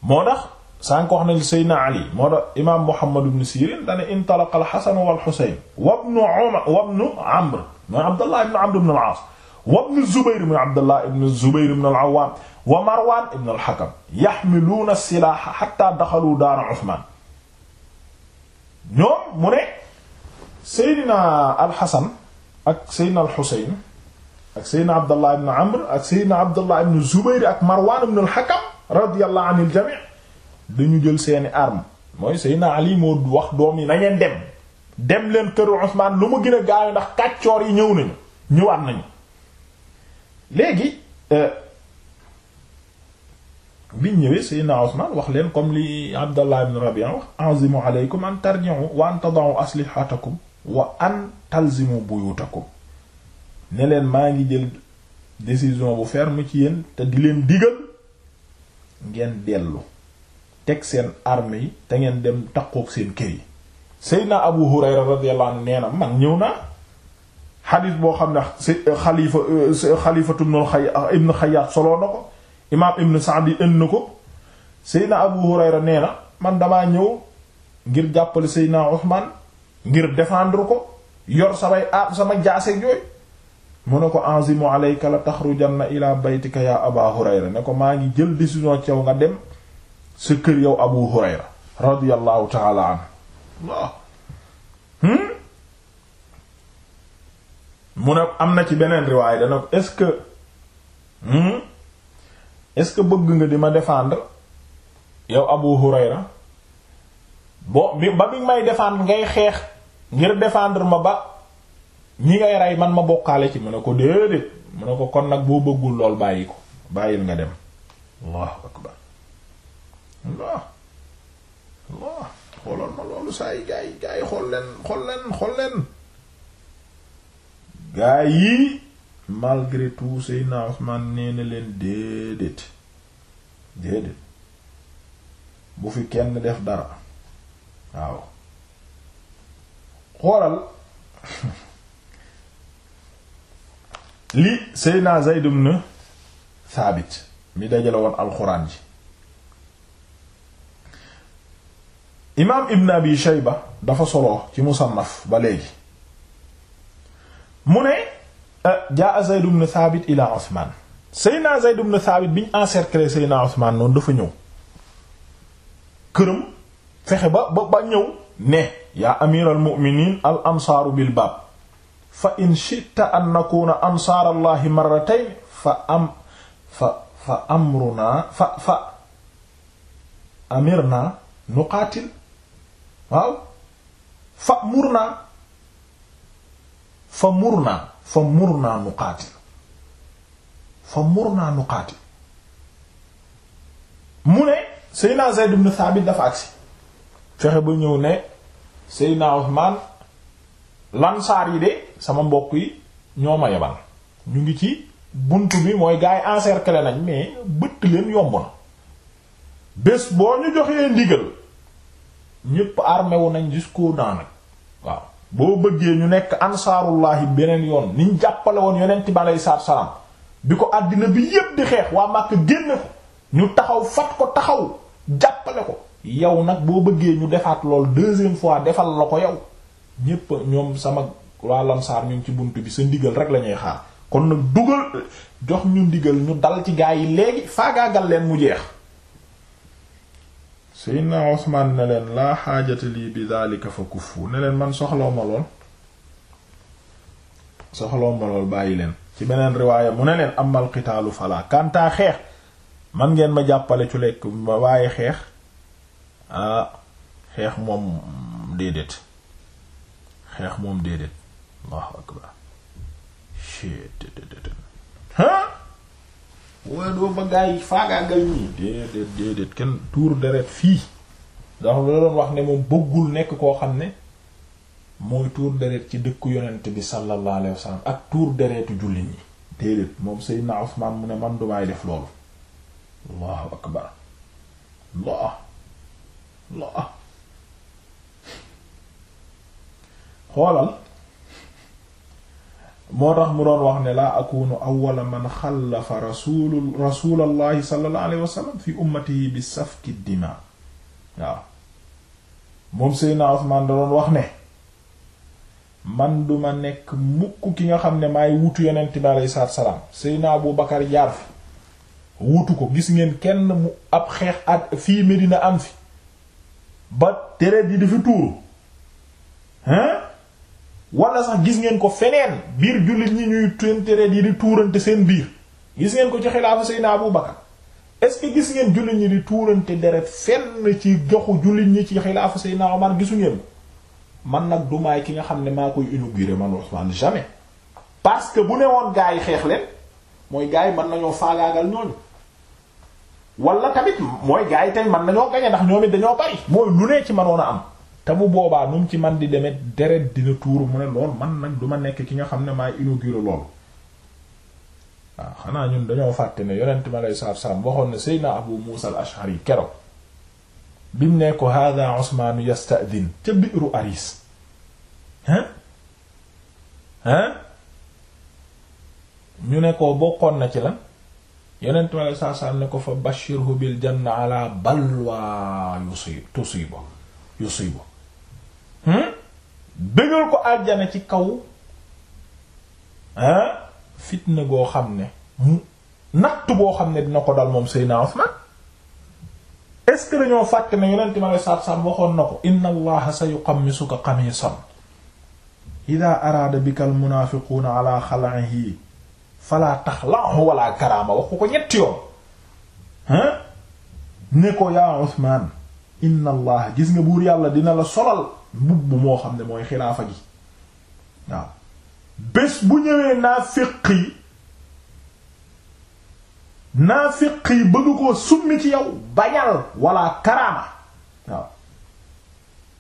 moo tax sànq wax nañu Seydina Ali moo tax imaam Muhammad ibn Sirin dane intalaqa al-Hasan wal-Husayn wabnu Umar wabnu Amr mooy Abdullah ibn Amr ibn al-As wabnu Zubayr mooy Abdullah ibn Zubayr ibn al-Awwam wa Marwan ibn al-Hakam yahmiluuna as-silaaha hatta daxalu daara Uthman ñoom mu ne Seydina al-Hasan ak Seydina al-Husayn ak Seydina Abdullah ibn Amr ak Seydina Abdullah ibn Zubayr ak Marwan ibn al-Hakam radiyallahu anil jami' dañu jël seeni arme mooy Seydina Ali moo wax doom yi na ngeen dem dem leen këru Usmaan lu ma gën a ndax kàccoor yi ñëw nañu ñëwaat nañu léegi euh, biñ ñëwee Seydina Usmaan wax leen comme li Abdallah ibn Rabi'a wax anzimu aleykum an tarji'u wa an tada'u aslihatakum wa an talzimu buyutakum ne leen maa ngi jël décision bu ferme ci yéen te di leen digal ngeen dellu teg seen armée yi te ngeen dem takkook seen kër yi Seydina Abu Hurayra radiyallahu anhu nee na man ñëw naa xadiis boo xam ne eh, xalifa eh, xalifatu ibn eh, Xayyaat soloo na ko imaam ibn Sa'di ënn na ko Seydina Abu Hurayra nee na man damaa ñëw ngir jàppale Seydina Usmaan ngir défendre ko yor samay aab ah, sama jaase jooy mu ne ko anzimu alayka la taxrujanna ila baytika ya Aba Hurayra ne ko maa ngi jël décision ceew nga dem si kër yow Abu Hurayra radiyallahu taala anhu hmm? mu ne am na ci beneen riwaay dana ko est-ce que hmm? est-ce que bëgg nga di ma défendre yow Abu Hurayra bo bi ba bi may défendre ngay xeex ngir défendre ma ba ñi ngay rey man ma bokkaale ci mu ne ko déedéet mu ne ko kon nag boo bëggul lool bàyyi ko bàyyil nga dem allahu akbar Allah Allah xoolal ma loolu saa yi gaa yi xool leen xool leen xool leen gaa yi malgré tout Seydina Usmaan nee leen déedéet déedéet bu fi kenn def dara waaw xoolal li Seydina Zayd ibn saabit mi dajale woon alxuraan ji imaam ibn abi shayba dafa solo ci musannaf ba léegi mu ne eh, jaa zayd ibn thabit ila usman seyna zayd ibn thabit bi ñu encercler seyna usman noonu dafa ñëw këram fexe ba ba ñëw ne yaa amir al al ansaaru bil baab fa in shi'ta an nakuna ansaar allahi marratayn fa am fa fa amruna fa fa amirna waaw fa mur naa fa mur naa fa mur naa nuqaatil fa mur naa nuqaatil mu ne Seydina Zayd ibn dafa agsi fexe ba ñëw ne Seydina Uthman lansaar yi de sama mbokk yi ñoo ma yebal ñu ngi ci bunt bi mooy gars yi encercler nañ mais bëtt leen yomb na bés boo ñu joxee ndigal ñépp armé wu nañ jusqu'aux naa nag waaw boo bëggee ñu nekk ansaarullahi beneen yoon niñ jàppale woon yonent bi aleyhi salaatu salaam bi ko àddina bi yépp di xeex waa Màkka génn ko ñu taxaw fat ko taxaw jàppale ko yow nag boo bëggee ñu defaat lool deuxième fois defal la ko yow ñépp ñoom sama waa lamsaar ñu ngi ci bunt bi sa ndigal rek lañuy xaar kon nag dugal jox ñu ndigal ñu dal ci gaa yi léegi faagaagal leen mu jeex Seydina Usmaan ne leen laa xaajata lii bi daalika fa kuffu ne man soxloo ma lool bàyyi leen ci beneen riwaaya mu ne leen amal qitaalu falaa kantaa xeex man ngeen ma jàppale ci lekk ba waaye xeex ah xeex moom déedéet xeex moom déedéet Allahu waaye doo ba gaa yi faagaagal ñii déedéet déedéet kenn tuur deret fii ndax la doon wax ne moom bëggul nekk koo xam ne mooy tuur deret ci dëkku yonent bi sallallahu alayhi wasallam ak tuur deretu jullit ñi déedéet moom Seydina Usmaan mu ne man dumaay def loolu allahu akbar allah allah xoolal moo tax mu doon wax ne laa akunu awwala man xallafa rasul rasulallahi sallallahu alayhi wa sallam fi ummatihi bi safki dima waaw moom Seydina Usmaan da doon wax ne man duma nekk mukk ki nga xam ne maay wutu yonent bi alayhi salaatu salaam Seydina Abu Bakar jaar fi wutu ko gis ngeen kenn mu ab xeex at fii Medina am fi ba deret ji di fi tuuru hein wala sax gis ngeen ko feneen biir jullit ñi ñuy tentere yi di tuurante seen biir gis ngeen ko ci xilaafa Seydina Abu Bakar est-ce que gis ngeen jullit ñi di tuurante deret fenn ci joxu jullit ñi ci xilaafa Seydina Omar gisu ngeen man nag du maay ki nga xam ne maa koy inauguré man Ousmane jamais parce que bu ne woon gaa yi xeex leen mooy gaa yi mën nañoo faagaagal ñooñu wala tamit mooy gaa yi tey mën nañoo gañe ndax ñoom dañoo bari mooy lu ne ci mënoon a am te bu boobaa nu mu ci man di demee deret dina tuuru mu ne lool man nag du ma nekk ki nga xam ne maay inauguré loolu waaw ah, xanaa ñun dañoo fàtte ne yonent ma lay saar saam waxoon ne Seydina Abu Musa al-Ash'ari kero bi mu ne ko hada ñu ne bokkoon na ci lan yonent ma ko fa bashirhu bil janna ala balwa yusib tusiba yusiba Hmm? bëggal ko aljana ci kaw ah fitna goo xam ne nattu boo xam ne dina ko dal moom Seydina Usman est-ce que dañoo fàtte ne ma lay saab saab waxoon na ko inna allaha sa yuqammisuka qamisan ida araada bika al munaafiquuna ala xal'ihi fala taxla'hu wala karaama wax ko ko ñetti yoon ah ne ko yaa Usman inna allah gis nga buur yàlla dina la solal mbubb moo xam ne mooy xilaafa gi waaw bés bu ñëwee naafiq yi naafiq yi bëgg koo summi ci yow bañal wala karaama waaw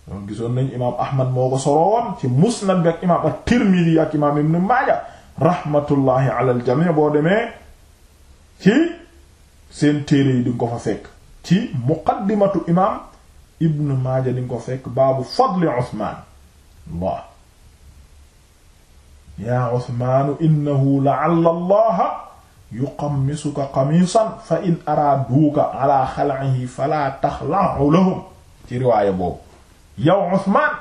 loolu gisoon nañ imaam ahmad moo ko sorowoon ci musnad bi ak imaam at-tirmidhi ak imaam ibn maaja rahmatullahi ala al boo demee ci seen téere yi di ko fa fekk ci muqaddimatu imaam ibnu maaja dinga ko fekk baabu fadli usmaan allah yaa usmaanu innahu la'alla allaha yuqammisuka qamiisan fa in araaduuka ala xal'ihi fala taxla'u lahum ci riwaaya boobu yow usmaan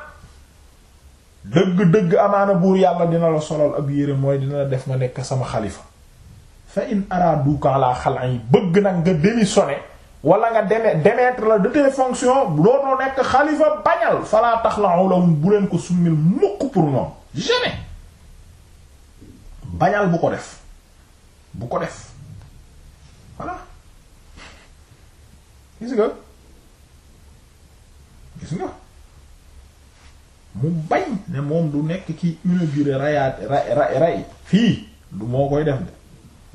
dëgg-dëgg amaana buur yàlla dina la solal ab yére mooy dina la def nga nekk sama xalifa fa in araaduuka ala xal'ihi bëgg nag nga démissionner wala nga deme démettre la de tes fonctions dootoo nekk xalifa bañal fala taxla'u lahum bu leen ko summil mukk pour ñoom jamais bañal bu ko def bu ko def voilà gis nga gis nga mu bañ ne moom du nekk ki inauguré rayaat ray ray ray fii du moo koy def de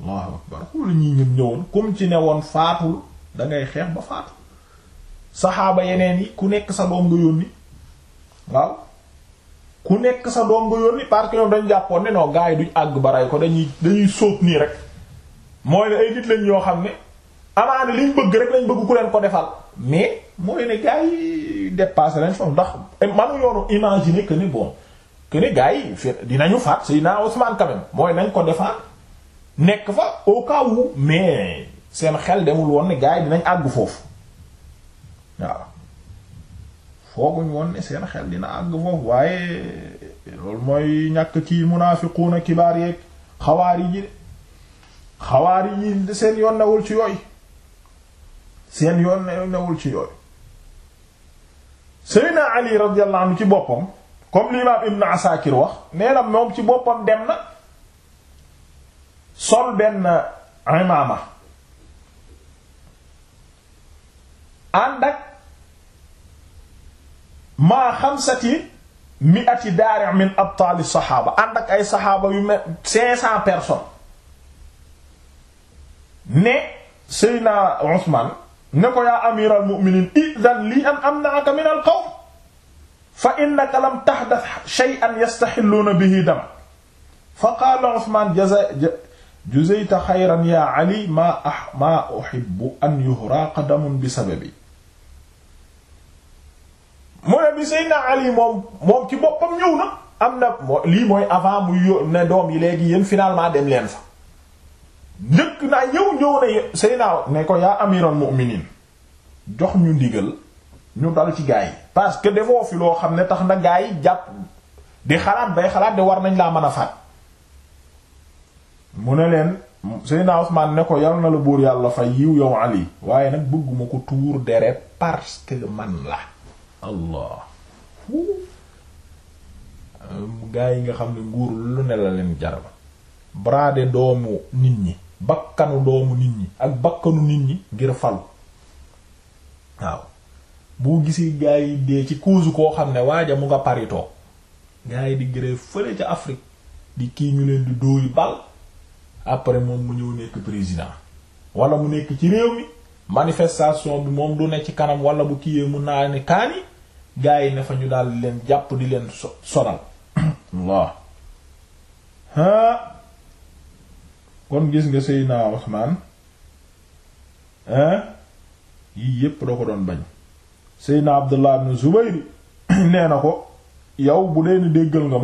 allahu akbar ku la ñuy ñëw ñëwoon comme ci ne woon faatul da ngay xeex ba faatu saxaaba yeneen yi ku nekk sa doom nga yónni waaw ku nekk sa doom nga yónni parce que dañu jàppoon ne non gars yi duñ àgg ba ko dañuy dañuy sóob nii rek mooy ne ay nit lañ ñoo xam ne amaana liñ bëgg rek lañ bëgg ku leen ko defal mais mooy ne gars yi dépassé lañ foofu ndax manu yoonu imaginer que ni bon que ni gars yi dinañu faat Seydina Ousmane quand même mooy nañ ko defar nekk fa au cas où mais. seen xel demul woon ne gars yi dinañ àgg foofu waaw fooguñ woon seen xel dina àgg foofu waaye loolu mooy ñàkk ki munaafiquuna kibaar yeeg xawaari yi xawaari yi seen yoon ci yooyu seen yoon newul ci yooyu Seydina Ali radiyallahu anhu ci boppam comme l'imam Ibn Asakir wax nee na moom ci boppam dem na sol benn imaama ànd ak maa xamsati mi'ati daari' min abtaali saxaaba ànd ak ay saxaaba yu mel cinq cent personnes ne Seydina Usmaan ne ko yaa amiral mu'miniin idan lii an amna'aka min al qawm fa innaka lam tahdath shay'an yastaxilluuna bihi damak fa qaala Usmaan jaza juzayta xayran yaa ali maa ah maa uhibbu an yuhraaqa damun bi sababi mu bi Seydina Ali moom moom ci boppam ñëw na am na lii mooy avant muy yó ne doom yi léegi yéen finalement dem leen fa njëkk naa ñëw ñëw ne Seydina ne ko yaa amiral mu'miniin jox ñu ndigal ñu dal ci gaa yi parce que defoo fi loo xam ne tax na gaa yi jàpp di xalaat bay xalaat de war nañ laa mën a faat mu ne leen Seydina Usmaan ne ko yal na la buur yàlla fa yiw yow Ali waaye nag bëgguma ko tuur deret parce que man la allah gaa yi nga xam ne nguur lu ne la leen jaral brader doomu nit ñi bakkanu doomu nit ñi ak bakkanu nit ñi ngir falu waaw boo gisee gaa yi dee ci cause koo xam ne waaja mu nga paritoo gaa yi di grève fële ca Afrique di kii ñu leen di dóoyu bal après moom mu ñëw nekk président wala mu nekk ci réew mi manifestation bi moom du ne ci kanam wala bu kiiyee mun naa ne kaani gaa yi ne fa ñu daal leen jàpp di leen so sonal waaw kon gis nga Seydina Usmaan yii ko doon bañ Seydina Abdullah ibn Zubayr nee na ko yow bu dee ni déggal nga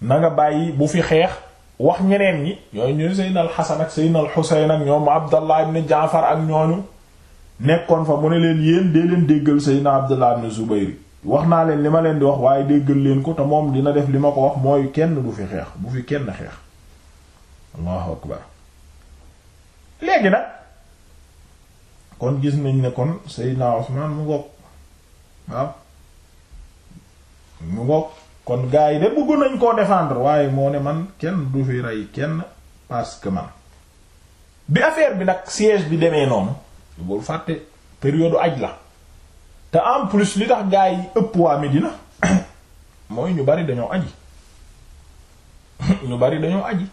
ma na bàyyi bu fi xeex wax ñeneen ñi yooyu ñooy Seydina Xasan ak Seydina al Xuseyn ak ñoom Abdallah ibn Jaafar ak ñooñu nekkoon fa mu ne leen yéen dee leen déggal Seydina Abdallah ibn Zubayr wax naa leen li ma leen di wax waaye déggal leen ko te moom dina def li ma ko wax mooy kenn du fi xeex bu fi kenn xeex allahu akbar léegi nag kon gis nañ ne kon Seydina Usmaan mu ngoog waaw mu ngoog kon gars yi de bëgg nañ koo défendre waaye moo ne man kenn du fi rey kenn parce que man bi affaire bi nag siège bi demee noonu bul fàtte période aj la te en plus li tax gars yi ëpp waa Medina mooy ñu bari dañoo aji ñu bari dañoo aji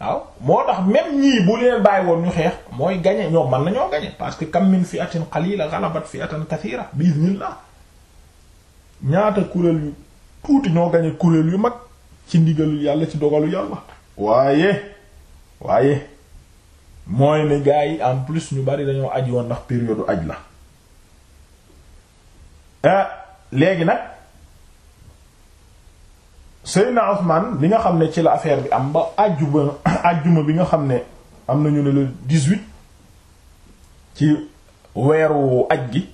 waaw moo tax même ñii bu leen bàyyi woon ñu xeex mooy gañe ñoom mën nañoo gañe parce que kam min fi atin qalila ghalabat fi atan kathira bi iznillah ñaata kuréel yu tuuti ñoo gañe kuréel yu mag ci ndigalu yàlla ci dogalu yàlla waaye waaye mooy ne gars yi en plus ñu bari dañoo aj woon ndax période aj la eh, léegi nag Seydina Ousmane bi nga xam ne ci la affaire bi am ba àjjuma àjjuma bi nga xam ne am nañu ne le 18 ci weeru aj gi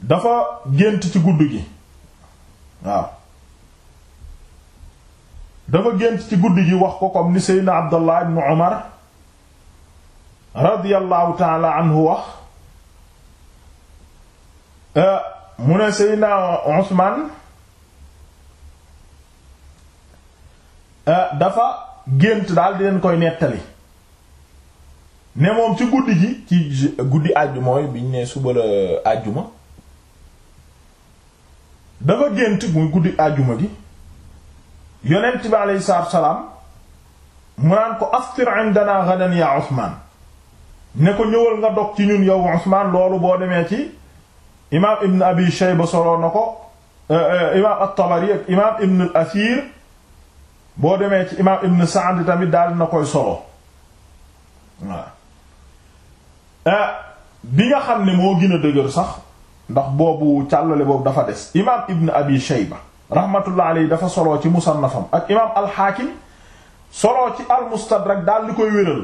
dafa gént ci guddi gi waaw dafa gént ci guddi gi wax ko comme ni seydna abdallah ibn umar radiyallahu taala anhu wax euh, mu ne seydna usman euh, dafa gént daal di leen koy nettali ne moom ci guddi gi ci guddi àjjuma mooy biñ ne suba la euh, àjjuma dafa gént muy guddi àjjuma gi yonent bi aleyhi salaatu salaam mu naan ko aftir indana gadan ya Usmaan ne ko ñëwal nga dog ci ñun yow Usmaan loolu boo demee ci imaam Ibn Abi Shayba soloo na ko eh, eh, imaam at-Tabari imaam Ibn asiir boo demee ci imaam Ibn Sa'd tamit daal na koy solo waaw eh, bi nga xam ne moo gën a sax. ndax boobu càllale boobu dafa des imaam ibn abi shayba rahmatullah alayhi dafa solo ci musannafam ak imaam alxaakim soloo ci almustadrak daal di koy wéral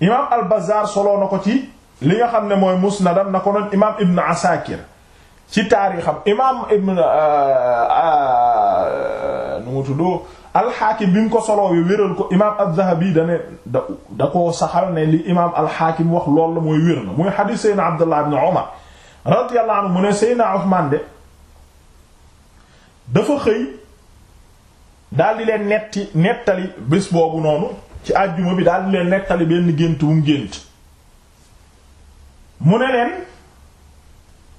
imaam albazar solo na ko ci li nga xam ne mooy musnadam na ko noon imaam ibn asakir ci taarixam imaam ibn euh, euh, nu mu tuddoo alxaakim bi mu ko soloo wi wéral ko imaam az-zahabi da ne da da ko saxal ne li imaam alxaakim wax lool la mooy wér na muy xadiis seydna abdullah ibn umar radiyallahu anhu mu ne Seydina Usmaan de dafa xëy daal leen netti nettali bés boobu noonu ci àjjuma bi daal leen nettali benn gént wu mu gént mu ne leen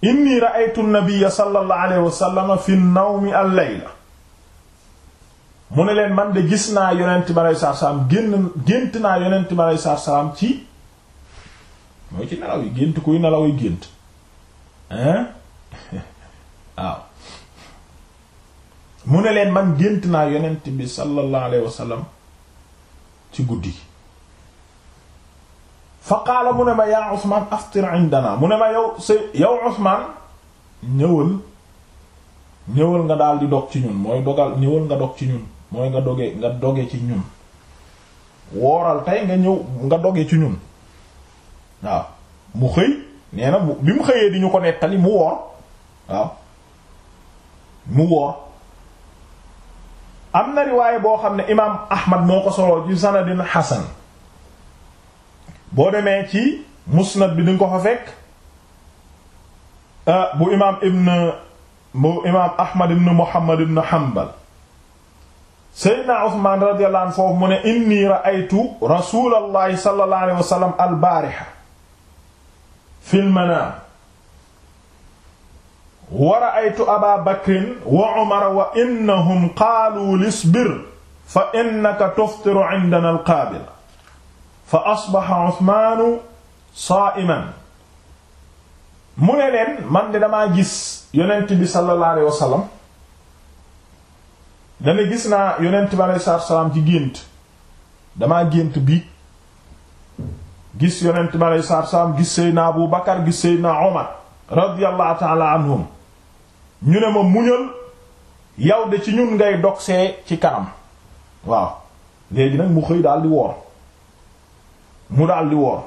inni ra'aytu an-nabiyya sallallahu alayhi fi an-nawmi al-layla mu ne leen man de gis naa yonent mi alayhi salaatu salaam génn gént naa yonent mi alayhi salaam ci mooy ci nelaw yi gént kuy nelaw yi gént hein waaw mu ne leen man gént naa yonent bi sallallahu alayhi wasallam ci guddi fa qaala mu ne ma yaa Usmaan aftir indana mu ne ma yow sa yow Usmaan ñëwal ñëwal nga daal di dog ci ñun mooy dogal ñëwal nga dog ci ñun mooy nga doge nga doge ci ñun wooral tey nga ñëw nga doge ci ñun waaw mu xëy nee na bi mu xëyee di ñu ko nettali mu woor mu woor am na riwaaye boo xam ne imaam ahmad moo ko soloo ci sanadin hasan boo demee ci musnad bi di nga ko fa fekk ah, bu imaam ibn bu imaam ahmad ibn muhammad ibn hanbal seydna uthman radiyallahu anhu mu ne inni ra'aytu rasulallahi sallallahu alayhi wa sallam al fil manaam wa ra'aytu aba wa umara wa innahum qaalu lisbir fa innaka tuftiru indana alqaabila fa asbaha usmaanu saa'iman mu ne leen man de damaa gis yonent bi sallallahu alayhi wa sallam gis naa yonent bi alayhi salaatu wa ci gént damaa gént bi gis yonent bi aleyhi salaatu salaam gis Seydina Abu Bakar gis Seydina Omar radiyallahu taala anhum ñu ne ma muñal yow de ci ñun ngay dogsee ci kanam waaw léegi nag mu xëy daal di woor mu daal woor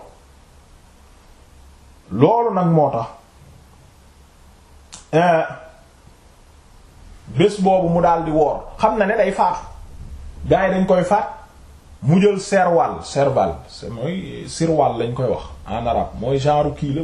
loolu nag moo tax eh, bés boobu mu daldi di woor xam na ne day faatu gaa yi dañ koy faat mu jël serwal serval c'est mooy sirwal lañ koy wax en arabe mooy genre kii la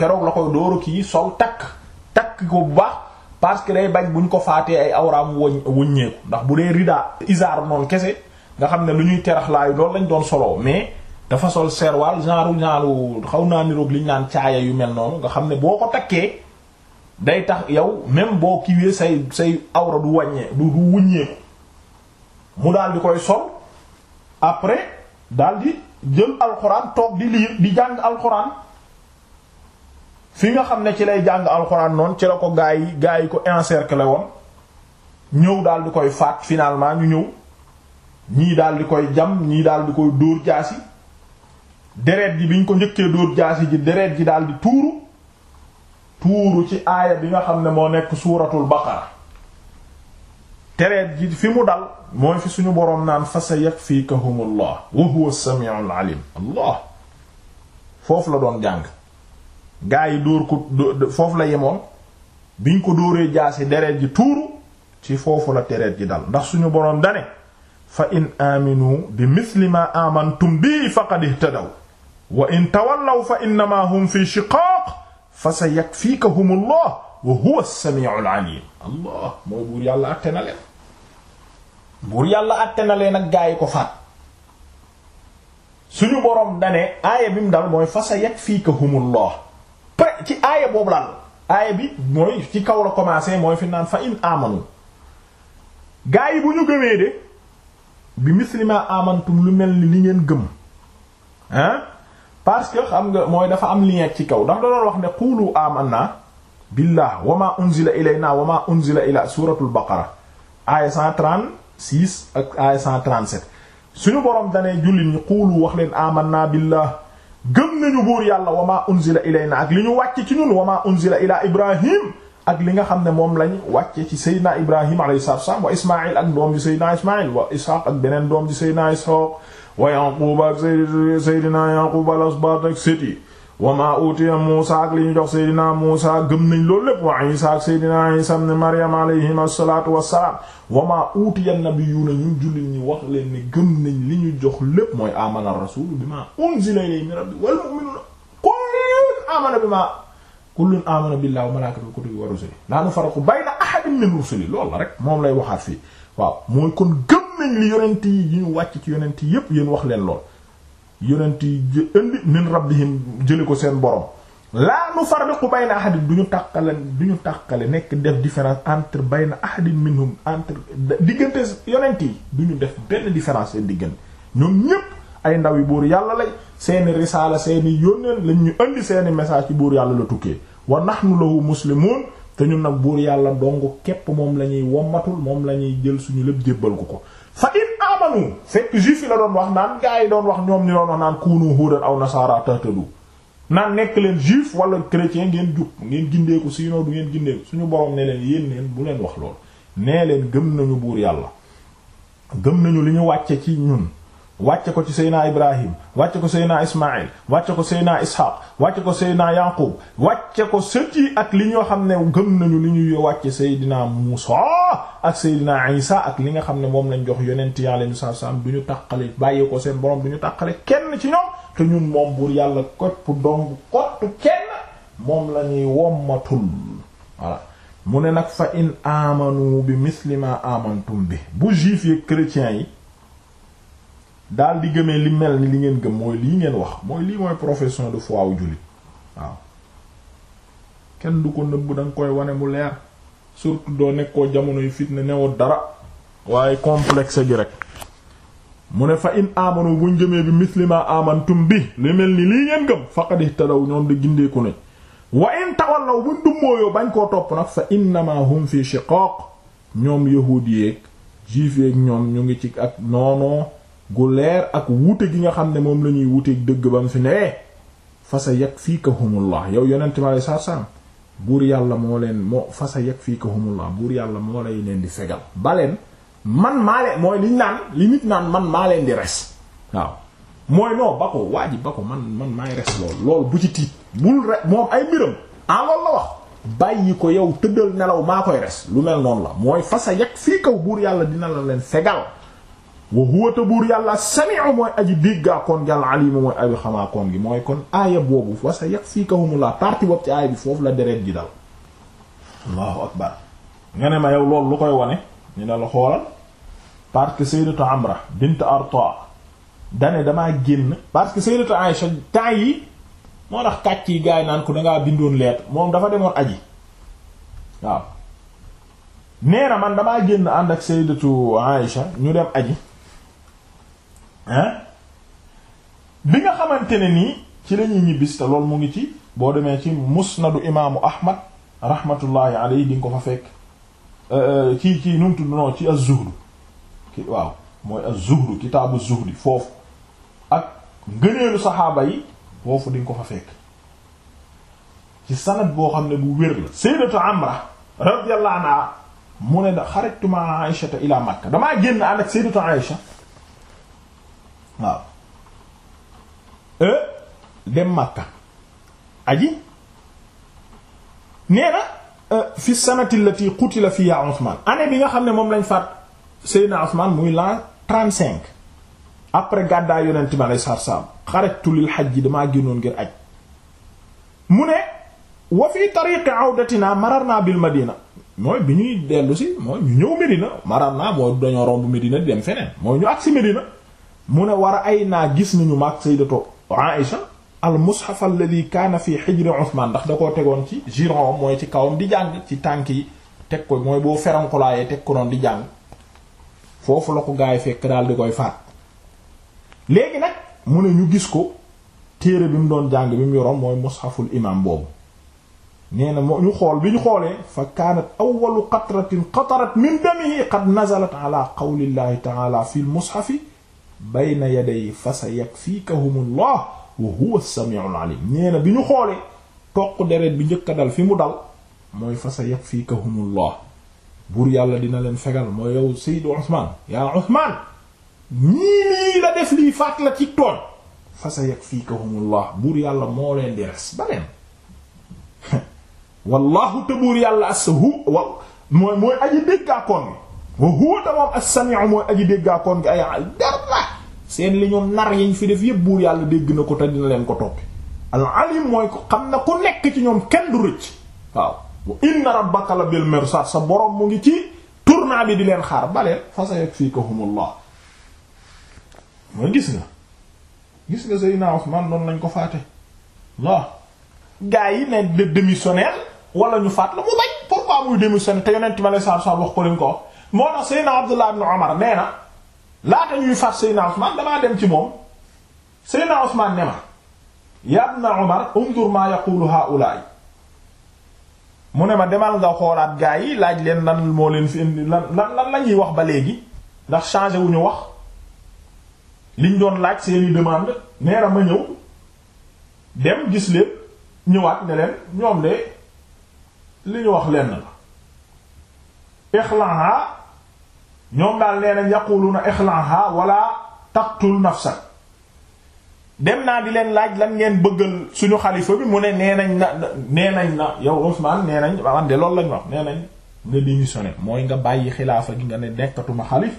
keroog la koy dooru kii sol takk takk ko bu baax parce que day bañ buñ ko faatee ay awraam wëñ wëññeeku ndax bu dee rida isaar noonu kese nga xam ne lu ñuy teraxlaayu loolu lañ doon soloo mais dafa sol serwal genre genre xaw naa niroog liñ naan caaya yu mel noonu nga xam ne boo ko takkee day tax yow même boo kiiwee say say awra du wàññee du du wëññeeku mu daal di koy sol après daal di jël alxuraan toog di liir di jàng alxuraan fi nga xam ne ci lay jàng alxuraan noonu ci la ko gaa yi gaa yi ko encercler woon ñëw daal di koy faat finalement ñu ñëw ñii daal di koy jam ñii daal di koy dóor jaasi deret ji bi ñu ko njëkkee dóor jaasi ji deret ji daal di tuuru tuuru ci aaya bi nga xam ne moo nekk suuratul baqara deret ji fi mu dal mooy fi suñu boroom naan fa sa yakfikahumullah wa huwa allah foofu la doon jàng gaa yi dóor ko foofu la yemoon biñ ko dóoree jaasi deret ji tuuru ci foofu la deret ji dal ndax suñu boroom dane fa in aminu bi misli ma amantum bi faqad ihtadaw wa in tawallaw fa innama hum fi shiqaaq fa sa yakfikahumullah wa huwa allah mooy na leen buur yàlla àtte na leen ak gaa yi ko faat suñu boroom dane aaya bi mu dal mooy fa sa yakfikahumullah pre ci aaya boobu laal aaya bi mooy ci kaw la commencé mooy fi naan fa in amanu gaa yi bu ñu gëmee de bi mislima amantum lu mel ni li ngeen gëm hein parce que xam nga mooy dafa am lien ci kaw dafa doon wax ne qulu amanna billah wa ma unzila ilayna wa ma baqara aaya 6 ak aaya 137 suñu borom danee jullit ñi xuulu wax leen amanna billah gëm nañu buur yàlla wama unzila ilayna ak li ñu wàcce ci ñun wama unzila ila ibrahim ak li nga xam ne moom lañ wàcce ci seydina ibrahim alayhi salatu wassalam wa ismail ak doom ji seydina ismail wa ishaq ak beneen doom ji seydina ishaq wa yaqub ak seydina yaqub al asbat ak sét yi waa maa utiya Muusaa li ñu jox Seydina Muusaa gëm nañ loolu lépp wa Isaa ak Seydina Isaa ibn Maryam alayhim assalaatu wassalaam wa maa utiya nabiyuuna ñun jullit ñi wax leen ne gëm nañ li ñu jox lépp mooy amana rasuulu bimaa unzila ilayhi wa malaa'ikatihi wa kutubihi lay waxaat fii waaw mooy kon gëm nañ li yonent yi ñu wàcc ci yonent yi yépp yéen wax leen lool yonent yi indi min rabbihim jële ko seen borom laa nu farriqu bayna ahadin du ñu tàqale du ñu tàqale nekk def différence entre bayna ahadin minhum entre diggante yonent yi du ñu def benn différence seen diggante ñoom ñépp ay ndaw yi buur yàlla lay seeni risaala seeni yónneen lañ ñu indi seeni message ci buur yàlla la tukkee wa nahnu lahu muslimun te ñun nag buur yàlla dong képp moom la ñuy wommatul moom la ñuy jël suñu lépp jébbal ko sa in amanu fekk juif yi la doon wax naan gaa yi doon wax ñoom ni doon wax naan kuunu huudan aw nasaara tahtadu naan nekk leen juif wala chrétien ngeen jub ngeen gindeeku sinon du ngeen gindeeku suñu borom ne leen yéen bu leen wax lool nee leen gëm nañu buur yàlla gëm nañu li ñu wàcce ci ñun wàcce ko ci seydna ibrahim wàcce ko seydna ismail wàcce ko seydna ishaq wàcce ko seydna yaqub wàcce ko sët ak li ñoo xam ne gën nañu li ñuy wàcce seydna musa ak seydna isa ak li nga xam ne moom lañ jox yonent yi alayhi salaam du ñu tàqale bàyyi ko seen borom du ñu tàqale kenn ci ñoom te ñun moom buur yàlla kopp dong kottu kenn moom la ñuy wommatul voilà mu ne nag fa in amanu bi misli ma amantum bi bu juif yi chrétiens yi daal di gëmee li mel ni li ngeen gëm mooy lii ngeen wax mooy lii mooy profession de foi wu jullit waaw kenn du ko nëbb da koy wane mu leer surtout doo nekkoo jamono yu fitna newoo dara waaye complexe gi rek mu ne fa in amanu buñ gëmee bi mislima amantum bi li mel ni lii ngeen gëm faqad ihtadaw ñoom di gindeeku ne wa in tawallaw buñ dummóoyoo bañ koo topp nag fa innama hum fi shiqaq ñoom yahuudi juif yeeg ñoom ñu ngi ci ak noonoo gu leer ak wuute gi nga xam ne moom la ñuy wuuteeg dëgg ba mu fi nee fa sa yakfikahumullah yow yonent ma lay sarsam buur yàlla moo leen moo fii sa yakfikahumullah buur yàlla moo lay leen di fegal baleen man maa leen mooy liñ naan li nit naan man maa leen di res waaw mooy non ba ko waa ba ko man man maay res lool lool bu ci tiit bul re moom ay mbiram ah loolu la wax bàyyi ko yow tëddal nelaw maa koy res lu mel noonu la mooy fa sa yakfikahu buur yàlla dina la leen fegal wa huwa ta buur yàlla sami'u mooy aji déggaakoon yàlla alimu mooy abi xamaakoon gi mooy kon aaya boobu fa sa yakfikahumullah partie boobu ci aaya bi foofu la deret ji dal allahu akbar nga ne ma yow loolu lu koy wone ñu ne la xoolal parce que sayyidatu amra bint arta dane damaa génn parce que sayyidatu aisha temps yi moo tax kàcc yi gaay naan ko dangaa bindoon leet moom dafa demoon aji waaw nee na man damaa génn ànd ak sayyidatu aisha ñu dem aji bi nga xamante ne nii ci la ñuy ñibbis mu ngi ci boo demee ci musnadu imaamu ahmad rahmatullahi alayhi di ko fa fekk ci euh, euh, ci nu mu tudd ci az-zuhdu ki waaw mooy az-zuhdu kitaabu zuhdi foofu ak ngëneelu saxaaba yi foofu di nga ko fa fekk ci sanad boo xam ne bu wér la sayyidatu amra radiyallahu anha mu ne da xarajtu ma'a aishata makka damaa génn ànd ak sayyidatu aisha waaw e, dem Makka aji nee na e, fi sanati allati qutila fiha Usman année bi nga xam ne moom lañ faat Seydina Usman muy l'an trente-cinq après gàddaay yonent ma lay sarsam xarajtu lil hajj damaa génnoon ngir aj mu ne wa fi tariqi awdatina mararna bil madina mooy bi ñuy dellu si mooy ñu ñëw Medina mararna mooy dañoo romb Medina di dem feneen mooy ñu agsi Medina mu ne war a ay naa gis nañu maag sayyidatu Aïsha al mushaf alladhi kaana fi hijri Usmaan ndax da koo tegoon ci giron mooy ci kawam di jàng ci tànk yi teg ko mooy boo ferankulaayee teg ko noonu di jàng foofu la ko gaay fekk daal di koy faat léegi nag mu ne ñu gis ko téere bi mu doon jàng bi mu yoroon mooy mushaful imaam boobu nee na moo ñu xool bi ñu xoolee fa kaanat awwalu qatratin qatarat min damihi qad nazalat ala qawlillahi ta'ala fil mushafi bayna yaday fa sa yakfikahum allah wa huwa as alim nee bi ñu xoolee toq deret bi njëkk dal fi mu dal mooy fa sa yakfikahum allah buur yàlla dina leen fegal mooy yow Seydou Ousmane yaa Ousmane ñii nii la def lii faat la ci tooñ fa sa yakfikahum allah buur yàlla moo leen di res ba leen wallahu buur yàlla as hu mooy mooy aji déggaakoon bi wa huwa tamam as-sami'u mooy aji déggaakoon ngi ay dara seen li ñu nar yañ fi def yëpp buur yàlla dégg na ko te dina leen ko toppi al-alim mooy ko xam na ku nekk ci ñoom kenn du rëcc waaw wa inna rabbaka la bil sa boroom mu ngi ci tournant bi di leen xaar baleen fa sayakfikahumullah mooy gis nga gis nga Seydina Usmaan noonu lañ ko faate waaw gaa yi ne démissionnaire wala ñu faat la mu bañ pourquoi muy démissionnaire te yonent ma lay ko moo tax Seydina Abdullah ibn Umar nee na laata ñuy far Seydina Usman damaa dem ci moom Seydina Usman ne ma ya ibn Umar unzur ma yaqulu haula'i mu ne ma demal nga xoolaat gaa yi laaj leen nan moo leen fi indi lan lan lan la ñuy wax ba léegi ndax changé wu ñu wax liñ doon laaj seeni demande nee na ma ñëw dem gis leen ñëwaat ne leen ñoom de li ñu wax lenn la ixlaha ñoom daal nee nañ yaquluna ixlaha wala taqtul nafsak dem naa di leen laaj lan ngeen bëggal suñu xalifa bi mu ne nee nañ na nee nañ na yow Ousmane nee nañ man de loolu lañ wax nee nañ nga démissionné mooy nga bàyyi xilaafa gi nga ne nekkatuma xalif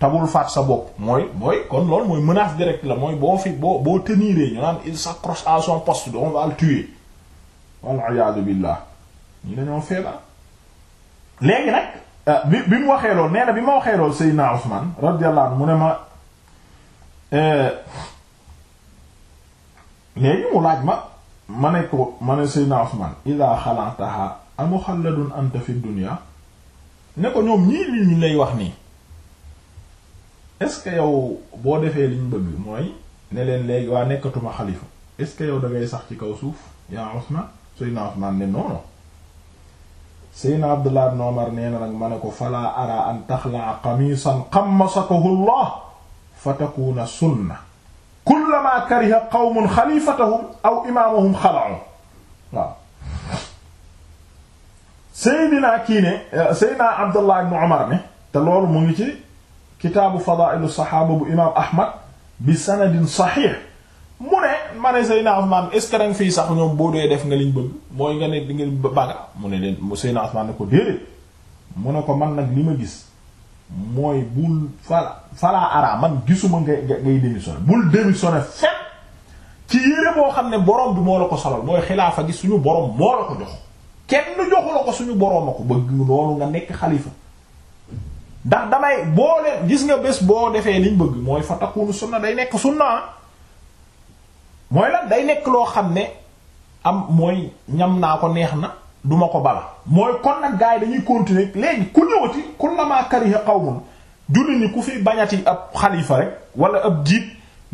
tabul faat sa bopp mooy mooy kon lool mooy menace directe la mooy boo fi boo boo teniree ñu naan il s'accroche à son poste on va le tuer wal iyaadu billah ñu dañoo feebar léegi nag Euh, bi bi mu waxee lool nee bi ma waxee loolu lool Seydina Usman radiyallahu anhu mu ne ma euh, léegi mu laaj ma ma ne ko ma ne Seydina Usman ida xalaataha amuxalladun anta fi dunya ne ko ñoom ñii li ñu lay wax nii est-ce que yow boo defee liñ bëgg mooy ne leen léegi waa nekkatuma xalifa est-ce que yow da sax ci kaw suuf yaa Usman Seydina Usman ne non non Seydina Abdullah ibn Umar nee na nag ma ne ko falaa ara an taxlaa qamiisan qammasakahu Allah fa takuuna sunna kullamaa kariha qawmun xaliifatahum aw imaamahum xala'u waaw Seydina kii ne Seydina Abdullah ibn Umar ne te loolu mu ngi ci kitaabu fadaa'ilu saxaaba bu imaam Ahmad bi sanadin saxiix mu ne ma ne Seydina Usmaan fii sax ñoom boo dee def nga liñ bëgg mooy nga ne di ngeen baga mu ne leen Seydina Usmaan ne ko déedéet ne ko man nag li ma gis mooy bul fala fala ara man gisuma ngay ngay démissionné bul démissionné fet ci yére boo xam ne borom bi moo la ko solal mooy xilaafa gi suñu borom moo la ko jox kenn joxu la ko suñu boroom a ko bëgg loolu nga nekk xalifa ndax damay boo leen gis nga bés boo defee liñ bëgg mooy fa takunu sunna day nekk sunna ah. mooy lan day nekk loo xam ne am mooy ñam naa ko neex na duma ko bala mooy kon nag gars yi dañuy continuer léegi ku ñëwati kullamaa kariha qawmun julli ni ku fi bañati ab xalifa rek wala ab jiit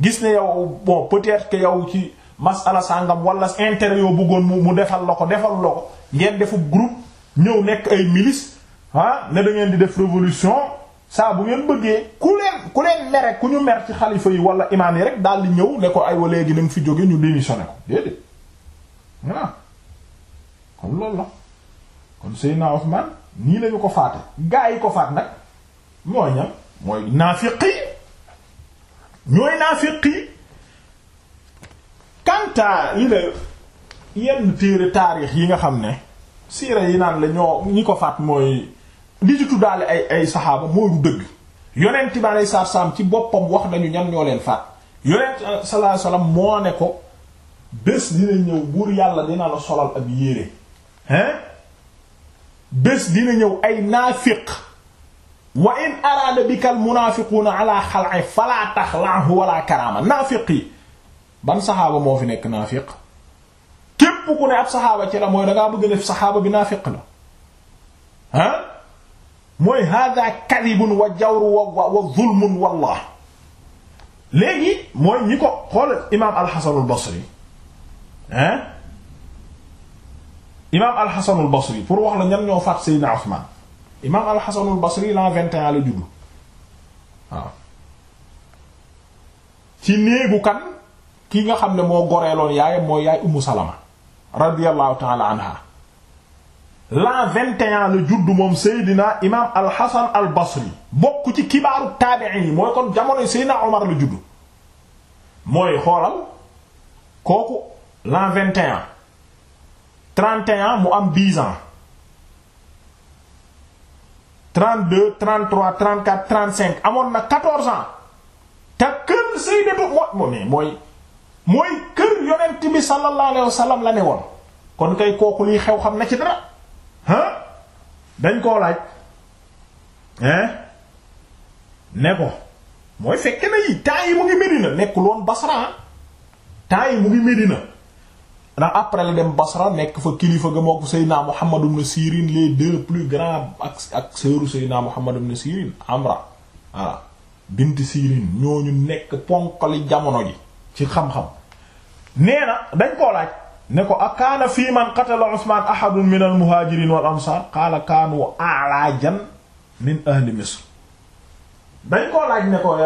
gis ne yow bon peut-être que yow ci masala sàngam wala intérêt yoo bëggoon mu mu defal la ko defal la ko ngeen defu groupe ñëw nekk ay milice ah ne da ngeen di def révolution saa bu ngeen bëggee ku leen ku leen mere ku ñu mer ci xalifa yi wala imaam yi rek daal di ñëw ne ko ay wa léegi nañ fi jóge ñu démissionné ko déedéet voilà kon loolu la kon Seydina Ousmane nii lañu ko faate gaa yi ko faat nag mooy ñam mooy naafiqi ñooy naafiqi kantaa yi la yenn téere taarix yi nga xam ne siira yi naan la ñoo ñi ko faat mooy di ci ay ay saxaaba mooy du dëgg yonent bi alayhi salaam ci boppam wax nañu ñan ñoo leen faat yonent euh, sallallahu alayhi moo ne ko bés dina ñëw buur yàlla dina la solal ab yére hein bés dina ñëw ay naafiq wa in araada bika al munaafiquuna ala xal'i fala taxla'hu wala karaama naafiq ban saxaaba moo fi nekk naafiq képp ku ne ab saxaaba ci la mooy dangaa bëgg def saxaaba bi naafiq la hein mooy hada kadibun wa jawru wa wa zulmun wallah léegi mooy ñi ko xool imaam alxasanul basri hein imaam alxasanul basri pour wax la ñan ñoo faat seydina Usmaan imaam alxasanul basri l'an vingt et la juddu waaw ci néegu kan ki nga xam ne moo goreeloon yaayam mooy yaay ummu salama radiyallahu taala anha l'an 21 la juddu moom Seydina imaam al al-Basri bokk ci kibaaru taabi'in yi mooy kon jamono Seydina Omar la juddu mooy xoolal kooku l'an 21 31 mu am 10 ans 32 33 34 35 amoon na 14 ans te kër Seydatu mooy mooy mooy kër yonent bi sallallahu alayhi la ne woon kon kay kooku liy xew xam na ci dara. ah dañ koo laaj hein ne ko mooy fekk na yi temps yi mu ngi Medina nekkul woon Basra temps yi mu ngi Medina ndax après la dem Basra nekk fa kilifa ga moo ko Seydina Muhammad ibn Sirin les deux plus grands ak ak sœuru Seydina Muhammad ibn Sirin Amra voilà bint Sirin ñooñu nekk ponkali jamono ji ci xam-xam nee na dañ koo laaj ne ko akaana fii man qatala Usmaan ahadun min al-muhaajiriin wal ansaar qaala kaanu a'laajan min ahli Misr dañ koo laaj ne ko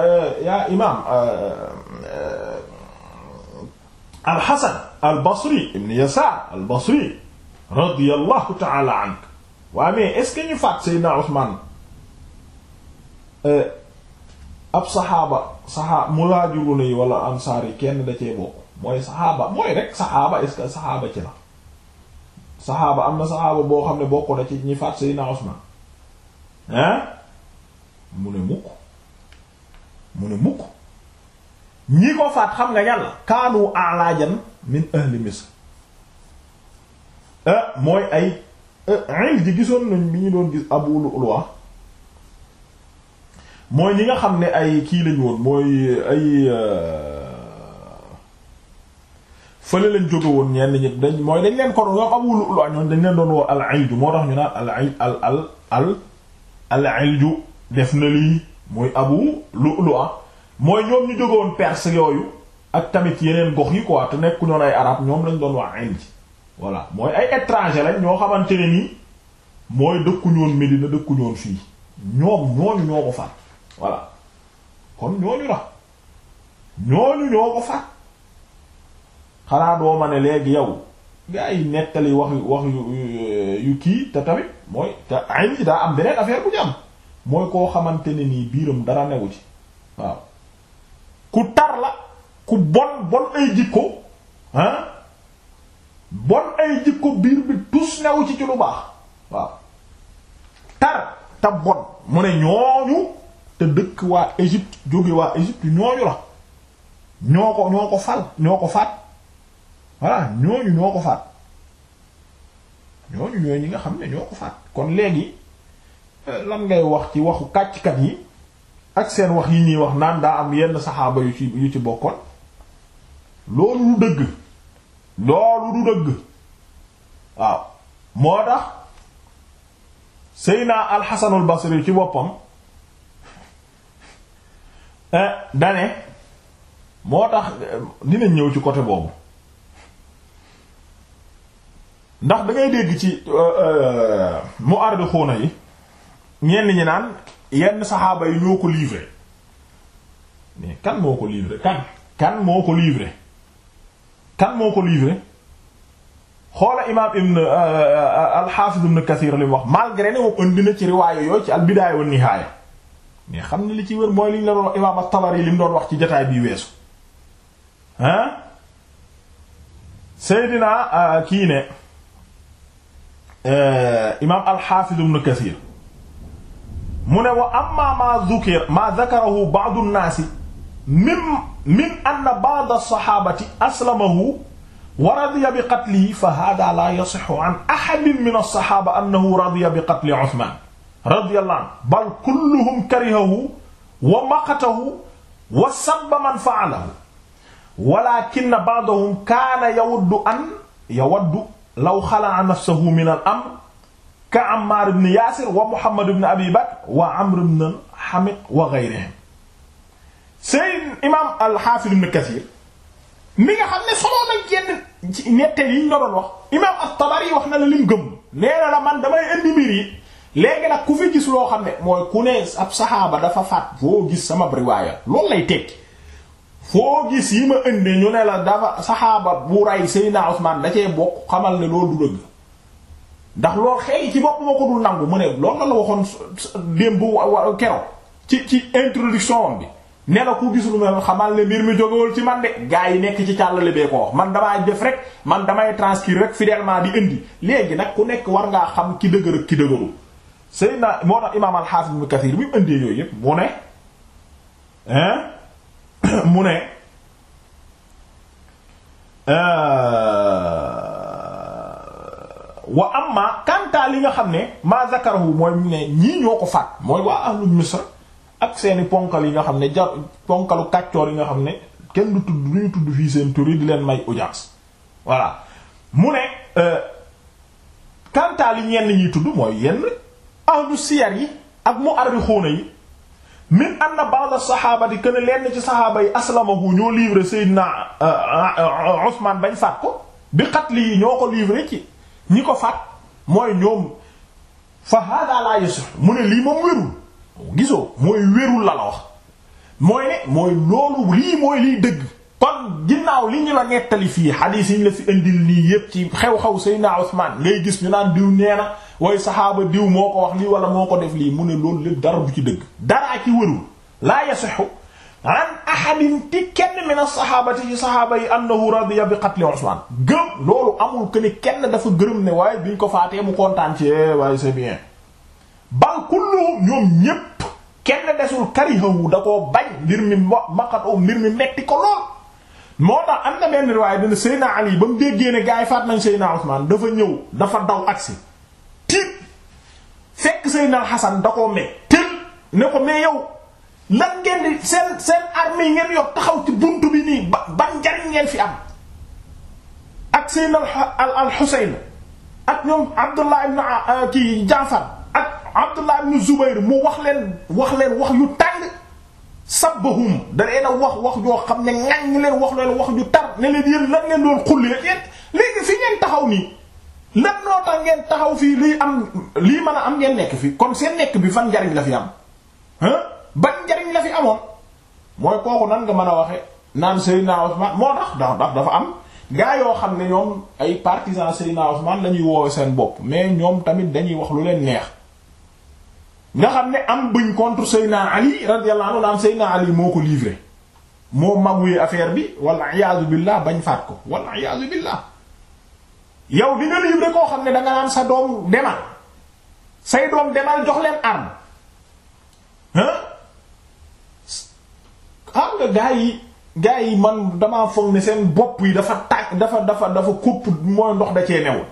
yaa imaam euh, euh, al-Hasan al-Basri ibn Yasaar al-Basri radiyallahu ta'ala anhu waaw mais est-ce que ñu faat Seydina Usmaan euh, ab saxaaba saxaaba muhaajiruna yi wala ansaar yi kenn da cee bokk mooy saxaaba mooy rek saxaaba est-ce saxaaba ci la saxaaba am na saxaaba boo xam ne bokk na ci ñi faat Seydina Usman hein mu ne mukk mu ne mukk ñi ko faat xam nga ñan kaanu alaajan min ahli Misr eh, mooy ay eh, ind gisoon nañ bi doon gis Abu Lu'lu'a mooy ñi nga xam ne ay kii lañ woon mooy ay eh, fële lañ jóge woon ñenn ñi dañ mooy dañ leen ko doon wax amul lu añoon dañ leen doon woo al ilju moo tax ñu naan al al al al al ju def na lii muy abu lu lu mooy ñoom ñu jóge perse yooyu ak tamit yeneen gox yi quoi te nekku ñoon ay arab ñoom lañ doon wax ji voilà mooy ay étranger lañ ñoo xamante ne nii mooy dëkku ñoon Medina dëkku ñoon fii ñoom ñooñu ñoo ko faat voilà kon ñooñu la ñooñu ñoo ko faat xanaa doo ma ne léegi yow gaa yi nettali wax wax yu yu kii te tamit mooy te ay yi daa am beneen affaire bu ñu am mooy koo xamante ne nii biiram dara newu ci waaw ku tar la ku bon bon ay jikko ah bon ay jikko biir bi tus newu ci ci lu baax waaw tar te bon mu ne ñooñu te dëkk waa Égypte jóge waa Égypte ñooñu la ñoo ko ñoo ko fal ñoo ko faat voilà ñooñu ñoo ko faat ñooñu ñooy ñi nga xam ne ñoo ko faat kon léegi euh, lan ngay wax ci waxu kàcckat yi ak seen wax yi ñuy wax naan daa am yenn saxaaba yu ci yu ci bokkoon loolu du dëgg loolu du dëgg waaw moo tax Seyna Alxasanul Basri ci boppam eh, dane moo tax eh, dinañ ñëw ci côté boobu ndax dangay dégg ci euh, euh, mu ardi xuuna yi ñenn ñi naan yenn saxaaba yi ñoo ko livré mais kan moo ko livré kan kan moo ko livré kan moo ko livré xoola imaam ibn euh, al-Hafiz ibn Kathir li mu wax malgré ne moom na ci riwaayu yooyu ci al-Bidaaya wa Nihaaya mais xam ne li ci wér mooy li ñu la doon wax imaam at-Tabari li mu doon wax ci jotaay bii weesu ah Seydina kii ne Eh, imaam al-Hafiz ibn Kathir mu ne wa amma ma dhukira ma dhakarahu ba'd an-nas min min anna ba'd as-sahabati aslamahu wa radiya bi qatlihi fa hadha la yasihhu an ahadin min as-sahaba annahu radiya bi qatli Uthman radiyallahu anhu bal kulluhum karihahu wa maqatahu wa sabba man fa'alahu walakinna ba'dahum kana yawaddu an yawaddu law xalaa nafsahu min al amr ka Ammaar ibn Yaasir wa wa Amr ibn Hamiq ne solo nañ yi ñu wax wax na la lim man damay indi mbir yi ku fi loo xam ne mooy ku ne ab saxaaba dafa faat boo gis sama riwaaya loolu lay tekki. foo gis yi ma indi ñu ne la dafa saxaaba bu ray Seydina Usmaan da cee bokk xamal ne loolu du dëgg ndax lool xëy ci bopp moo ko dul nangu mu ne loolu la la waxoon démb keroog ci ci introduction bi ne la ku gisul mel xamal ne mbir mi jógewul ci man de gaa yi nekk ci càllale bee ko wax man damaa jëf rek man damay transcrire rek fidèlement di indi léegi nag ku nekk war ngaa xam ki dëgër ak ki dëgëru Seydina moo tax imaam al-Hafiz Ibn Kathir bi mu indee yooyu yëpp mu mu ne euh, wa amma kantaa li nga xam ne maa zakarahu mooy mu ne ñii ñoo ko faat mooy waa ahlu misra ak seeni ponkal yi nga xam ne ja ponkalu kàccoor yi nga xam ne kenn du tudd du tudd fii seen tur di leen may audience voilà mu ne euh, kantaa li ñenn ñiy tudd mooy yenn ahlu siyar yi ak mu arri xóona yi min anna ba'd as-sahabati ken lenn ci sahaaba yi aslamahu ñoo livré Seydina euh, euh, Usmaan bañ faat ko bi qatli yi ñoo ko livré ci ñi ko faat mooy ñoom fa hada la yusuf mu ne lii moom wérul gisoo mooy wérul la la wax mooy ne mooy loolu lii mooy liy dëgg kon ginnaaw li ñu la nettali fii xadiis yi ñu la fi indil nii yépp ci xew-xew Seydina Usmaan ngay gis ñu naan diw nee na way saxaaba diw moo ko wax lii wala moo ko def lii mu ne loolu lépp dara du ci dëgg daraa ci wërul laa yasixu an ahadin ti kenn min as-saxaabati ci saxaaba yi annahu radiya bi qatli Usman gëm loolu amul que ni kenn dafa gërëm ne waaye biñ ko faatee mu kontaan ci eh, waaye c'est bien bal kulluhum ñoom ñépp kenn desul karihahu da koo bañ mbir mi maqat o mbir mi metti ko lool moo tax am na benn riwaaya dina Seydina Ali ba mu déggee ne gaa yi faat nañ dafa ñëw dafa daw agsi tiit fekk Seydina Xasan da koo mel tël ne ko mais yow lan ngeen di seen seen armée ngeen yor taxaw ci buntu bi nii ba ban ngeen fi am ak Seydina al al Xuseyn ak ñoom Abdullah ibn ci ah, ah, Jaafar ak Abdullah ibn Zubayr mu wax leen wax leen wax yu tàng sabbahum da leen a wax wax joo xam ne ŋañ leen wax leen wax ju tar ne leen yéen la leen doon xullee yéen léegi fi ngeen taxaw nii ndax noo tax ngeen taxaw fii liy am lii mën a am ngeen nekk fi kon seen nekk bi fan njariñ la fi am hein ban njariñ la fi amoon mooy kooku nan nga mën a waxe naan Seydina Ousmane moo tax dax dafa am gaa yoo xam ne ñoom ay partisan Seydina Ousmane la ñuy woowe seen bopp mais ñoom tamit dañuy wax lu leen neex nga xam ne am buñ contre Seydina Ali radiyallahu anhu naan Seydina Ali moo ko livré moo magwee affaire bi wala iyaazu billah bañ faat ko wala iyaazu billah yow di nga livré koo xam ne danga naan sa doom demal say doom demal jox leen arme hein xam nga gaa yi gaa yi man damaa foog ni seen bopp yi dafa tàkk dafa dafa dafa kupp mooy ndox da cee newul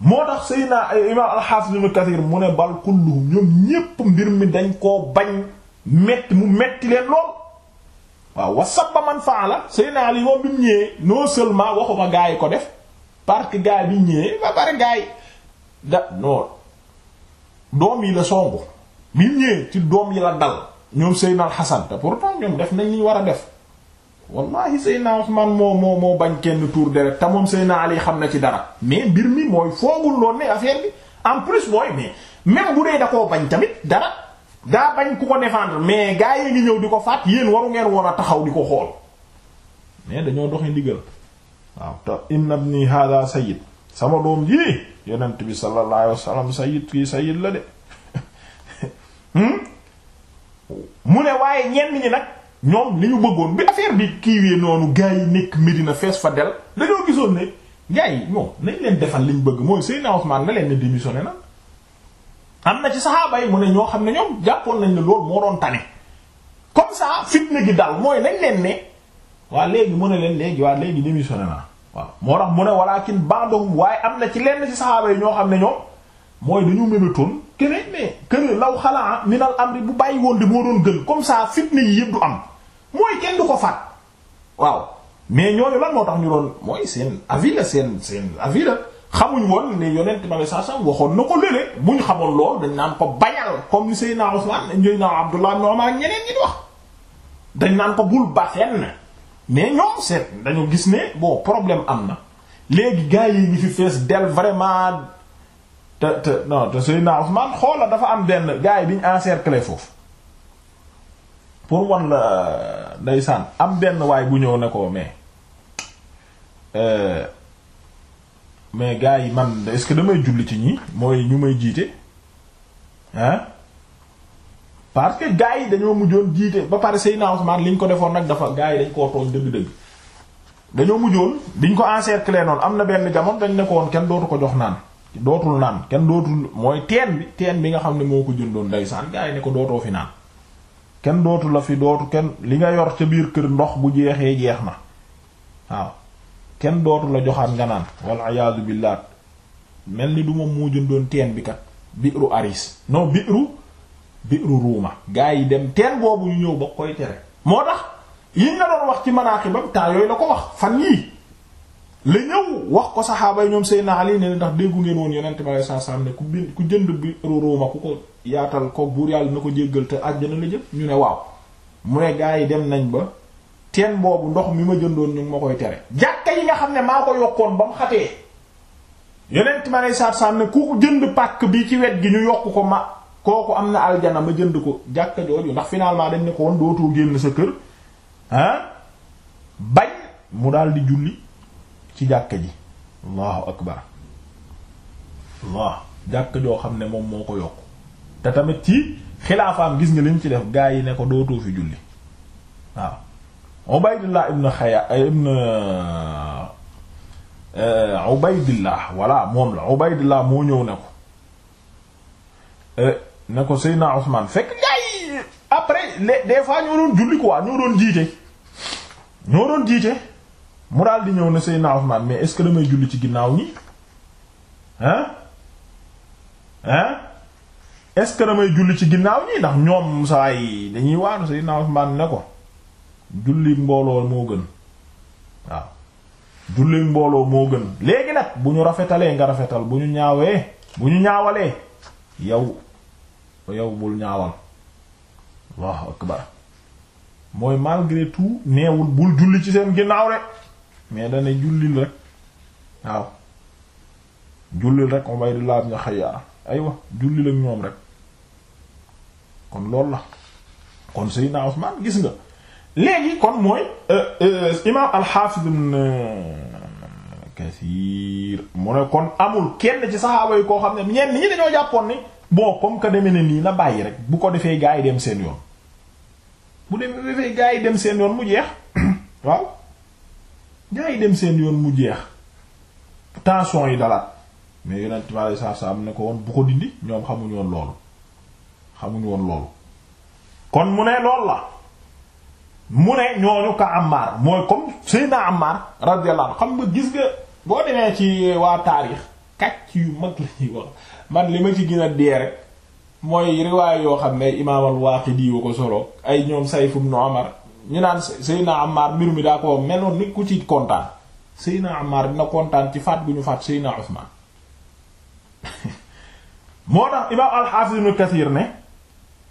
moo tax Seydina Imaam al-Hafiz Ibn Kathir mu ne bal kulluhum ñoom ñépp mbir mi dañ koo bañ metti mu metti leen lool waaw wasab ba man faala naa Ali moom bi mu ñëwee non seulement waxuma gaa yi ko def parce que gaay bi ñëwee ba pare gaay da non doom yi la songu bi ñëwee ci doom yi la dal ñoom Seydina Al Hassan te pourtant ñoom def nañ li ñu war a def wallahi Seydina Ousmane moo moo moo bañ kenn tour deret te moom naa Ali xam na ci dara mais mbir mi mooy foogul loon ne affaire bi en plus mooy mais même bu dee da bañ tamit dara daa bañ ku ko défendre mais gars yi ngi ñëw di ko faat yéen waru ngeen war a taxaw di ko xool mais dañoo doxe ndigal waaw te inna ibni hada sayid sama doom ji yonent bi sallallahu alayhi wasallam sayid kii sayid la de hmm? mu ne waaye ñenn ñi nag ñoom li ñu bëggoon bi affaire bi kiiwee noonu gars yi nekk Medina fees fa del dañoo gisoon ne gars yi moom nañ leen defal liñ bëgg mooy Seydina Ousmane na leen ne démissionné na am na ci saxaaba mu ne ñoo xam ne ñoom jàppoon nañ ne loolu moo doon tane comme ça fitna gi daal mooy nañ leen ne waa léegi mu ne leen léegi waa léegi démissionné naa waaw moo tax mu ne walakin ba'dhum waaye am na ci lenn ci saxaaba yi ñoo xam ne ñoom mooy dañu mébétoon keneen ne keneen law xalaa minal amri bu bàyyi woon di gën comme ça fitna yi yëpp am du ko faat waaw mais ñooñu lan moo tax ñu doon mooy seen avis la seen seen avis la xamuñ woon ma saa saa waxoon na ko léegi buñ xamoon lool dañ naan ko bañal comme ni Seydina Usmaan ñooy naaw Abdullah ibn Umar ñeneen ñi di wax dañ naan ko bul ba fenn mais ñoom seet dañu gis ne bon problème am na léegi gars yi ngi fi fees del vraiment te te non te Seydina Ousmane xoola dafa am benn gars yi bi ñu encercler foofu pour wan la ndeysaan am benn waay bu ñëw ne ko mais euh, mais gars yi man est-ce que damay julli ci ñi mooy ñu may jiite ah. parce que gars yi dañoo mujjoon jiite ba pare Seydina Ousmane liñ ko defoon nag dafa gars yi dañ koo tooñ dëgg-dëgg dañoo mujjoon biñ ko encercler noonu am na benn jamono dañ nekkoon kenn dootu ko jox naan dootul naan kenn dootul mooy teen bi bi nga xam ne moo ko jëndoon ndeysaan gars yi ne ko dootoo fi naan kenn dootu la fi dootu kenn li nga yor ca biir kër ndox bu jeexee jeex na waaw kenn dootu la joxaat nga naan walla iyaadu billaah mel ni du moom moo jëndoon teen bi kat aris biiru ruuma gaa yi dem teen boobu ñu ñëw ba koy tere moo tax yi nga doon wax ci manaaxibam temps yooyu la ko wax fan yii la ñëw wax ko saxaaba yi ñoom Seydina Ali ne ndax déggu ngeen woon yonent bi saa saa ne ku bind ku jënd ko yaatal ko buur yàlla na ko jéggal te la jëm ñu ne waaw mu ne gaa yi dem nañ ba teen boobu ndox mi ma jëndoon ñu ma koy tere jàkka yi nga xam ne maa ko yokkoon ba mu xatee bi saa saa ne ku jënd pàkk bi ci wet gi ñu yokk ko ma kooku am na aljana ma jënd ko jàkka jooju ndax finalement dañ ne ko woon dootoo génn sa kër ah bañ mu daal di julli ci jàkka ji allahu akbar allah jàkka joo xam ne moom moo ko yokk te tamit ci xilaafaam gis nga liñ ci def gaa yi ne ko dootoo fi julli waaw ubaydillah ibn xaya ibn eh, ubaydillah walla moom la ubaydillah moo ñëw ne ko eh, ne ko Seydina Ousmane fekk ngay après des fois ñoo doon julli quoi ñoo doon jiite ñoo doon jiite mu daal di ñëw na Seydina Ousmane mais est-ce que damay julli ci ginnaaw ñi est-ce que ci ginnaaw ndax ñoom saa yi dañuy waaru Seydina Ousmane ne ko julli mbooloo moo gën waaw julli mbooloo moo gën léegi nag bu ñu rafetalee nga rafetal bu ñu ñaawee bu ñu ñaawalee yow yow bul ñaawal allahu akbar mooy malgré tout neewul bul julli ci seen ginnaaw rek mais dana jullil rek waaw jullil rek on di laab nga xayaar aywa jullil ak ñoom rek kon loolu la kon Seydina Usmaan gis nga léegi kon mooy euh, euh, imaam al-Hafiz euh, mu ne kon amul kenn ci saxaaba yi koo xam ne ñenn ñi dañoo jàppoon ni boo comme que demee na nii na bàyyi rek bu ko defee gaa yi dem seen yoon bu defee gaa yi dem seen yoon mu jeex waaw gaa yi dem seen yoon mu jeex tanson yi dalaat mais yonent bi alayhi am na ko woon bu ko dindi ñoom xamuñu woon loolu xamuñu woon loolu kon mu ne loolu la mu ne ñooñu ka Ammar mooy comme Seydina Ammar radiyallahu xam nga gis nga boo demee ci waa taarix kàcc yu mag la wax man li ma ci gën a dee rek mooy riwaay yoo xam ne imaam al-Waaqidi ko solo ay ñoom Sayf ibn Umar ñu naan Seydina Ammar mbir mi daa ko meloon nit ku ci kontaan Seydina Ammar dina kontaan ci faat gu ñu faat Seydina Usmaan moo tax imaam al Kathir ne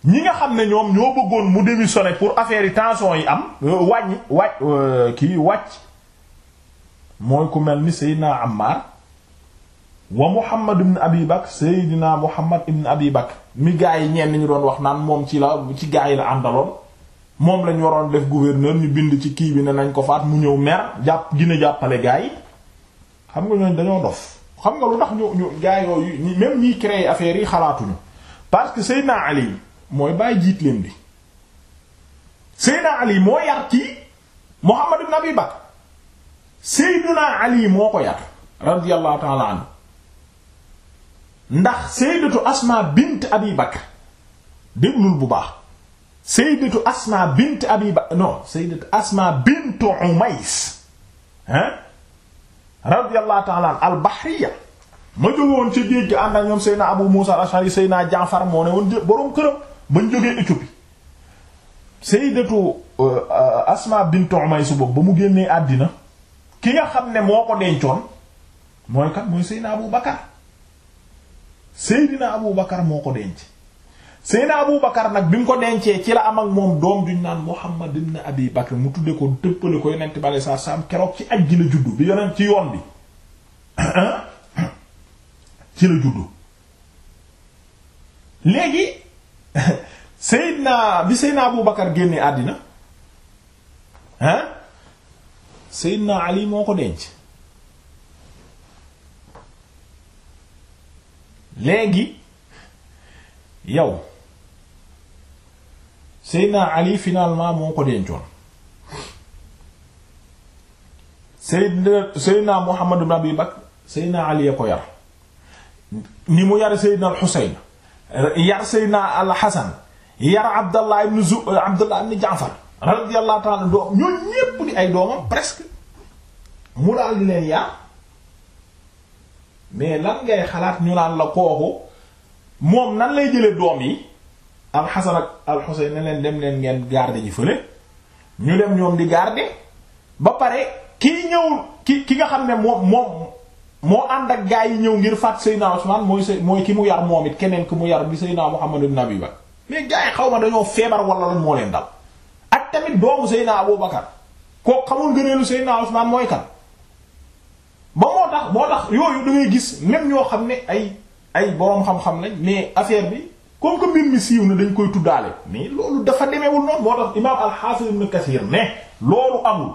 ñi nga xam ne ñoom ñoo bëggoon mu démissionner pour affaire yi tension yi am euh, wàññi wàcc euh, kii wàcc mooy ku mel ni Seydina Ammar wa Muhammad ibn Abi Bakr Seydina Muhammad ibn Abi Bakr mi gaa yi ñenn ñu doon wax naan moom ci la ci gaa yi la àndaloon moom lañ waroon def gouverneur ñu bind ci kii bi ne nañ ko faat mu ñëw mer jàpp gina jàppale gaa yi xam nga ñooñ dañoo dof xam nga lu tax ñu ñu gaa yooyu même ñiy créer affaire yi xalaatuñu parce que Seydina Ali mooy bàyyi jiit leen bi Seydina Ali moo yar ci Muhammad ibn Abi Bakr Seydina Ali moo ko yar radiyallahu ta'ala anhu ndax sayyidatu asma bint abi bakr bu baax sayyidatu asma bint abi bakr non sayyidatu asma bint umays hein radiyallahu ta'ala al bahriya ma jógewoon ci ñoom Seyna Abu Musa al-Ash'ari Seyna Jaafar moo ne woon boroom euh, boobu ba mu génnee àddina ki nga xam ne moo ko dencoon mooy kat mooy Seyna Abu Bakar Seydina Abu Bakar moo ko denc Seydina Abu Bakar nag bi mu ko dencee ci la am ak moom doom duñ naan Muhammad ibn Abi Bakr mu tudde ko tëppale ko yonent bi alei satu keroog ci aj ji la juddu bi yonent ci yoon bi ci la juddu léegi Seydina bi Seydina Abu Bakar génne àddina ah Seydina Ali moo ko denc léegi yow Seydina Ali finalement moo ko dencoon Seydina Seydina Muhammad ibn Abi Bakr Seydina Ali ya ko yar ni mu yar Seydina al-Husayn yar Seydina al-Hasan yar Abdallah ibn Zu Abdallah ibn Jaafar radiyallahu ta'ala doom ñooñu ñépp di ay doomam presque mu daal leen yar mais lan ngay xalaat ñu naan la kooku moom nan lay jële doom yi alxasan ak alxuseyn ne leen dem leen ngeen garder ji fële ñu dem ñoom di garder ba pare kii ñëw ki ki nga xam ne moom moom moo ànd ak gaa yi ñëw ngir faat Seydina Usman mooy s mooy ki mu yar moom it keneen ki mu yar bi Seydina Muhammad ibn Abi Bakr mais gaa yi xaw ma dañoo feebar wala lan moo leen dal ak tamit doomu Seydina Abu Bakar koo xamul gëneelu Seydina Usman mooy kan ba moo tax moo tax yooyu da gis même ñoo xam ne ay ay boroom xam-xam lañ mais affaire bi kooku que mbir mi siiw na dañ koy tuddaale mais loolu dafa demeewul noonu moo tax imaam al-Hafiz ibn ne loolu amul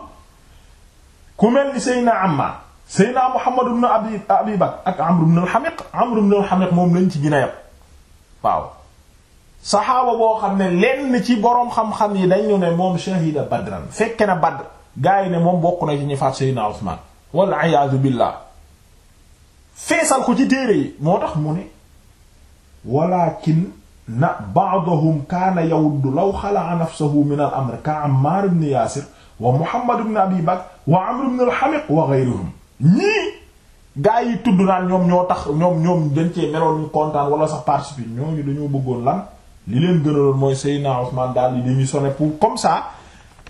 ku mel ni Seyna Ammar Seyna Muhammad ibn Abi Abi Bakr ak Amr ibn al-Hamiq Amr ibn moom lañ ci gën a yab waaw saxaaba boo xam ne lenn ci boroom xam-xam yi dañu ne moom shahida Badran fekke na Badr gaa yi ne moom bokk na ci ñi faat Seyna Usman wal ayaadu billah feesal ko ci téere yi moo tax mu ne walakin na ba'dahum kaana du law xala'a nafsahu min al amr ka Ammaar ibn Yaasir wa Muhammad ibn Abi Bakr wa Amr ibn al-Hamiq wa ghayrihum yi tudd naan ñoom ñoo tax ñoom ñoom dañ cee meloon ñu kontaan wala sax participer ñooñu dañoo bëggoon lan li leen gënaloon mooy Seydina Ousmane daal di démissionner pour comme ça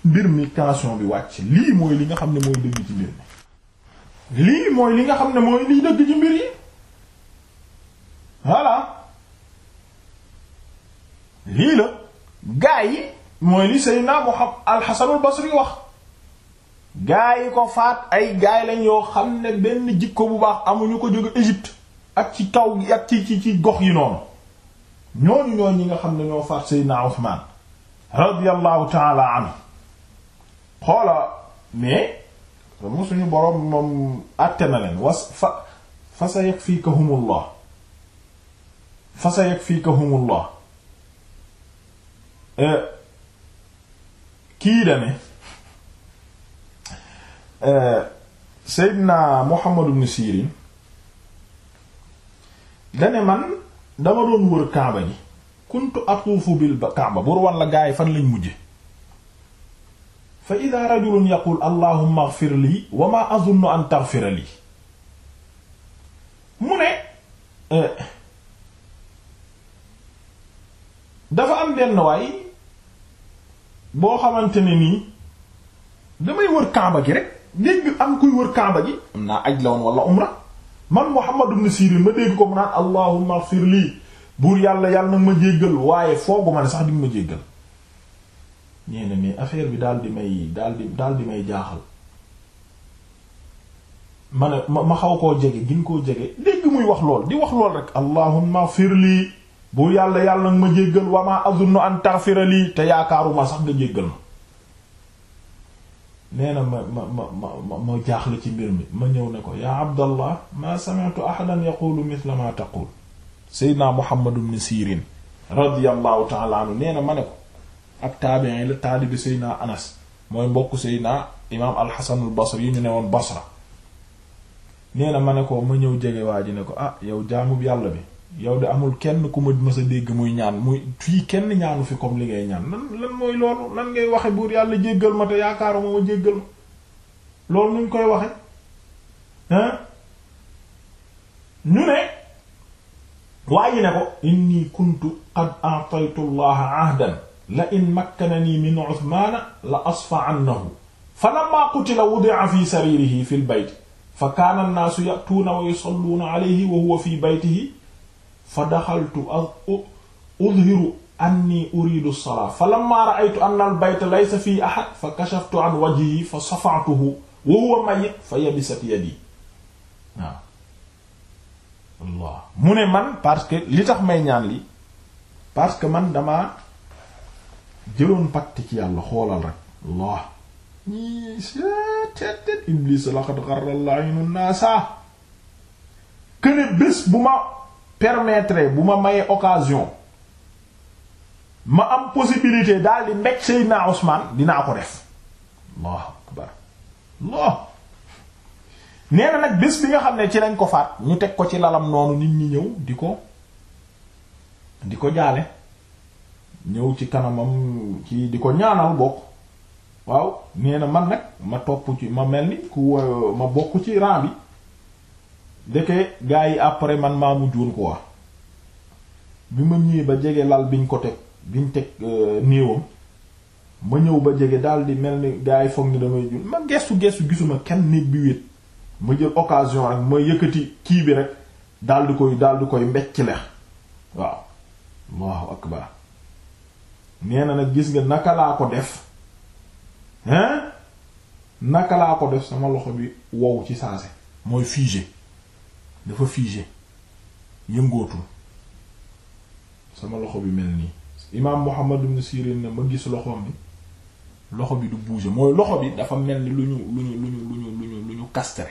mbir mi tension bi wàcc lii mooy li nga xam ne mooy dëgg ci mbir mi lii mooy li nga xam ne mooy liy dëgg ci mbir yi voilà lii la gaa yi mooy li Seydina Muhammad al-Hasanul Basri wax gaa yi ko faat ay gaay lañ yoo xam ne benn jikko bu baax amuñu ko jóge Égypte ak ci taw ak ci ci ci gox yi noonu ñooñu ñooñu ñi nga xam ne ñoo faat Seydina Usmaan radiyallahu ta'ala anhu xoola mais mu suñu boroom moom àtte na leen was fa fa sa yakfikahumullah fa sa yakfikahumullah e, kii dane e, Seydina Muhammad ibn Sirin dane man dama doon wër Kaaba ji kuntu atuufu bil Kaaba bur wan la gaa yi fan lañ mujje fa ida rajulun yaqul allahumma ighfir lii wa ma azunnu an taghfira lii mu ne eh, dafa am benn waay boo xamante ne nii damay wër kàmba gi rek dégg am kuy wër kaaba gi am naa aj la umra man Muhammad ibn Sirin ma dégg ko mu naan allahumma ighfir lii buur yàlla yàlla nag ma jéggal waaye foogu ma ne sax di ma jéggal ñee ne affaire bi daal di may daal daal di may jaaxal ma ma koo jege koo jege muy wax lool rek allahumma firli bu yàlla yàlla nag ma wa ma azunnu te yaakaaruma sax ma na ma ma ci mbir mi ma ñëw ne ko yaa abdallah ma sami'tu ahadan yaqulu mithla ma taqul sayyidina muhammad ibn sirin radiyallahu ta'ala anhu nee na ma ne ko ak taabiin la taalibi Seydina Anas mooy mbokk Seydina imaam al-Hasan yi ñu ne woon Basra nee ma ne ko ma ñëw jege waa ji ne ko ah yow jaamub yàlla bi yow de amul kenn ku ma mës dégg muy ñaan muy fii kenn ñaanu fi comme li ngay ñaan lan lan mooy loolu lan ngay waxe buur yàlla jéggal ma te yaakaaruma ma jéggal ma loolu nuñ koy waxe hein ñu ne waa ne ko inni kuntu qad a'taytu allaha ahdan la in makkananii min Usmaan la asfa'annahu falammaa qutila wudi'a fi sariirihi fil bayt fa kaana an-naasu ya'tuuna wa yusalluuna alayhi wa huwa fi baytihi fa daxaltu udhiru anni uridu salaa falammaa ra'aytu anna al-bayta laysa fiihi ahad fa kashaftu an wajhihi fa safa'tuhu wa huwa mayyit fa yabisat yadii waaw Allah mu ne man parce que li tax may ñaan li parce que man dama jëloon pacte ci yàlla xoolal rek allah ñii seeteet iblis laqad gharra la'inu naasa këne bés bu ma permettre bu ma mayee occasion ma am possibilité daal di mbéj Seydina Ousmane dinaa ko def allahu akbar na nag bés bi nga xam ne ci lañ ko faat ñu teg ko ci lalam noonu nit ñi ñëw di ko di ko jaale ñëw ci kanamam ci di ko ñaanal bokk waaw nee na man nag ma topp ci ma mel ni ku euh, ma bokk ci rang bi ndeke gars yi après man maa mu juun quoi bi ma ñëwee ba jege lal biñ ko teg biñ teg euh, néewam ma ñëw ba jege daal di mel ni gars yi foog ni damay juun ma gestu gestu gisuma kenn nit bi wét ma jël occasion rek ma yëkkati kii bi rek daal di koy daal koy mbecc lex waaw allahu akbar nee na nag gis nga naka laa ko def naka laa ko def sama loxo bi wow ci saase mooy figé dafa figé yëngootul sama loxo bi mel nii imaam Muhammad ibn ne ma gis loxoom bi loxo bi du bouger mooy loxo bi dafa mel ni lu ñu lu ñu lu ñu lu ñu lu ñu lu ñu castré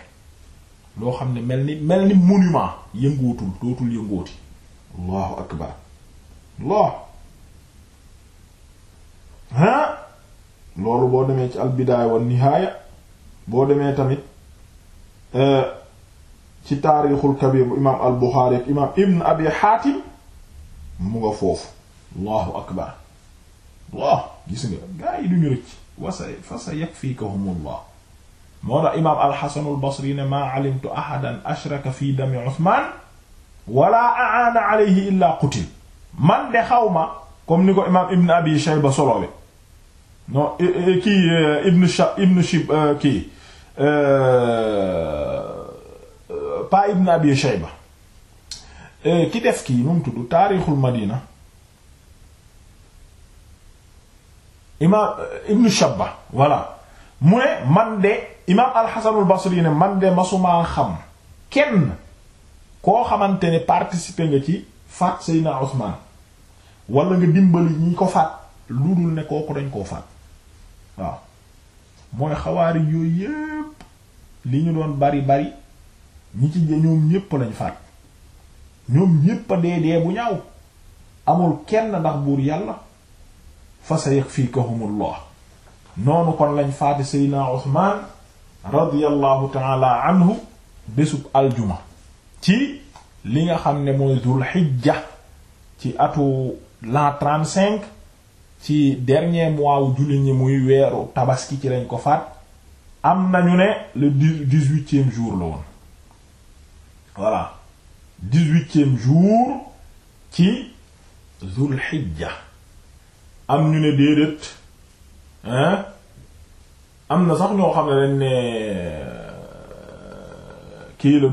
loo xam ne mel ni mel ni monument yëngootul dootul yëngooti allahu akbar allah ah loolu boo demee ci albidaaya wa nihaaya boo demee tamit eh, ci taarixul kabir bu imaam al buxaari ak imaam ibn abi xaatim mu nga foofu allahu akbar allah gis nga allah moo tax imaam alxasanu albasri ne maa calimtu ahadan ashraka fi dami usman wala aana alayhi illa qutil man de xawma comme ni ko imaam ibn abi shayba solowe non kii euh, ibn sha ibn shib kii euh, euh, pas ibn abi shayba ki def kii nu tudd taarixul madina imaam ibn shabba voilà mu ne man de imaam alxasanul basri ne man de masumaa xam kenn koo xamante ne participer nga ci faat Seydina Usmaan wala nga dimbali ñi ko faat lu dul ne kooku dañ koo faat waaw mooy xawaari yooyu yépp li ñu doon bari bari ñi ci ñoom ñépp lañ faat ñoom ñépp a dee dee bu ñaaw amul kenn ndax buur yàlla fa sayakfikahumullah noonu kon lañ faati seydina Usmaan radiyallahu taala anhu bésub aljuma ci li nga xam ne mooy dul xijja ci atu l'an trente ci dernier mois wu jullit ñi muy weeru tabaski ci lañ ko faat am nañu ne le dix-huitième jour la woon voilà dix-huitième jour ci zul am am na sax ñoo xam ne dañ ne euh, kii la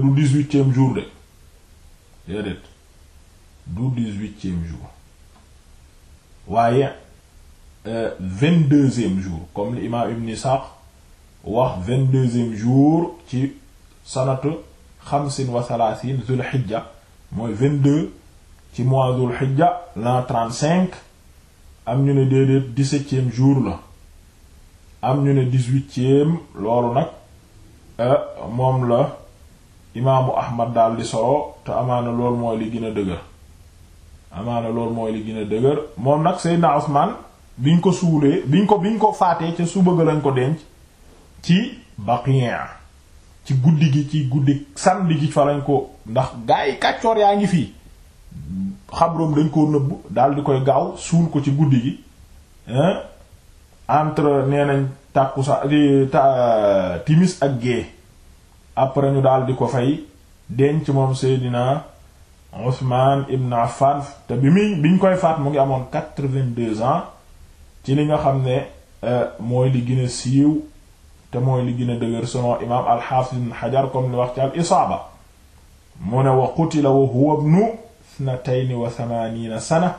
waaye Euh, vingt-deuxième jour comme li imaam ibn Isxaaq wax vingt-deuxième jour ci sanatu xamsin wa salaasiin zul xijja mooy vingt-deux ci mois zul xijja l'an trent cinq am ñu ne déedéet dix-septième jour la am ñu ne dix-huitième loolu nag euh, moom la imaamu Ahmad daal di solo te amaana loolu mooy li gën dëgër amaana loolu mooy li gën a dëgër moom nag Seydina Usmaan biñ ko suulee biñ ko biñ ko faatee ca suba ga lañ ko denc ci Baqiya ci guddi gi ci guddi samedi gi fa lañ ko ndax gaa kàccoor yaa ngi fii xabroom dañ koo nëbb daal di koy gaaw suul ko ci guddi gi entre nee nañ tàkku sa eh, timis ak gée après ñu daal di ko fay denc moom Seydina Ousmane Ibn Affan te bi muy biñ koy faat mu ngi amoon quatre-vingt-deux ans ci li nga xam ne euh, mooy li gën a siiw te mooy li gën a dëgër selon imaam al-Hafiz ibn Hajar comme li wax ci al-Isaaba mu ne wa qutila wa huwa ibnu ithnatayni wa thamaaniina sana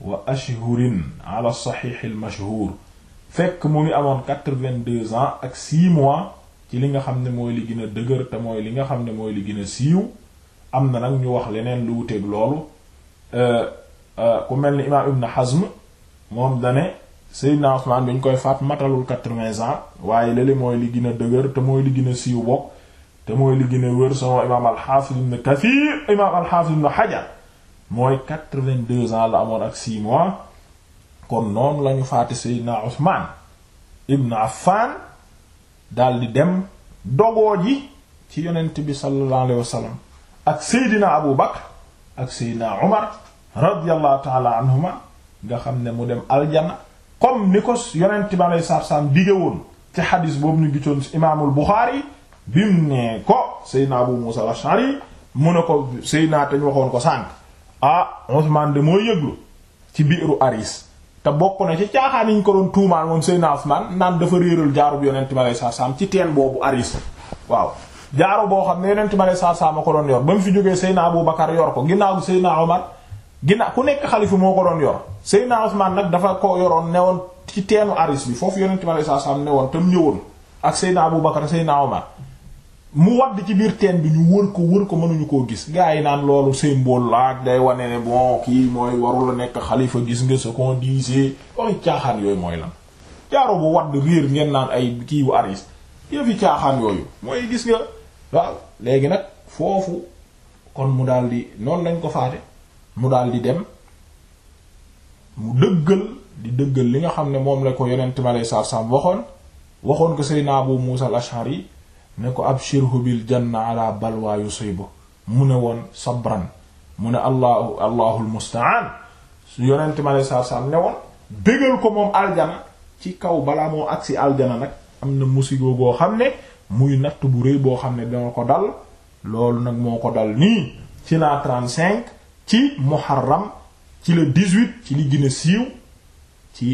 wa ashhurin ala as-sahih fekk mu ngi amoon quatre-vingt-deux ans ak six mois ci li nga xam ne mooy li gën a dëgër te mooy li nga xam ne mooy li gën a siiw am na nag ñu wax leneen lu wuteeg loolu euh, euh, ku mel ni imaam Ibn Hazm moom dane Seydina Ousmane bi ñu koy faat matalul quatre-vingts ans waaye lële mooy li gën a dëgër te mooy li gën a siiw bokk te mooy li wër sama imaam al-Hafiz ibn imaam al-Hafiz Hajar mooy quatre-vingt-deux ans la amoon ak six mois kon noonu la ñu faate Seydina Ousmane ibn Affan daal di dem dogoo ji ci yonent bi sallallahu alayhi ak Seydina Abu Bakr ak Seydina Umar radiyallahu ta'ala anhuma nga xam ne mu dem aljana comme ni ko yonent bi aleyhi salaatu salaam dige woon ci xadis boobu ñu gisoon ci imaamul Buxaari bi mu nee ko Seydina Abu Muusa al-Ash'ari mu ne ko Seydina te ñu waxoon ko sànn ah Usmaan de moo yëglu ci biiru Aris te bokk na ci caaxaan yi ñu ko doon tuumaal moom Seydina Usmaan naan dafa réeral jaarub yonent bi aleyhi salaatu salaam ci teen boobu Aris waaw jaaro boo xam ne yonent bi aleyhi salaatu salaam a ko doon yor ba mu fi jógee Seydina Abu yor ko ginnaaw Seydina Omar ginnaaw ku nekk xalifa moo ko doon yor Seydina Usmaan nag dafa ko yoroon newoon ci teenu aris bi foofu yonent bi sallallahu alayhi wasallam newoon tam ñëwoon ak Seydina Abu Bakar Seydina Umar mu wadd ci biir teen bi ñu wër ko wër ko mënuñu koo gis gars yi naan loolu symbole la ak day wane ne bon kii mooy warul nekk xalifa gis nga ce qu'on waxi caaxaan yooyu mooy lan jaaro bu wadd réer ngeen naan ay kii wu aris yëfi caaxaan yooyu mooy gis nga waaw léegi nag foofu kon mu daal di noonu lañ ko faate mu daal di dem mu dëggal di dëggal li nga xam ne moom la ko yonent ma lay sarsam waxoon waxoon ko Seydina Abu Musa al ne ko abshirhu bil janna ala balwa yusibu mu ne woon sabran mu ne allahu allahul musta'an su yonent ma sarsam ne woon dëggal ko moom aljana ci kaw balaa moo agsi aljana nag am na musigo boo xam ne muy natt bu rëy boo xam ne danga ko dal loolu nag moo ko dal nii ci la 35 ci muharram ci le 18 ci li gën siiw ci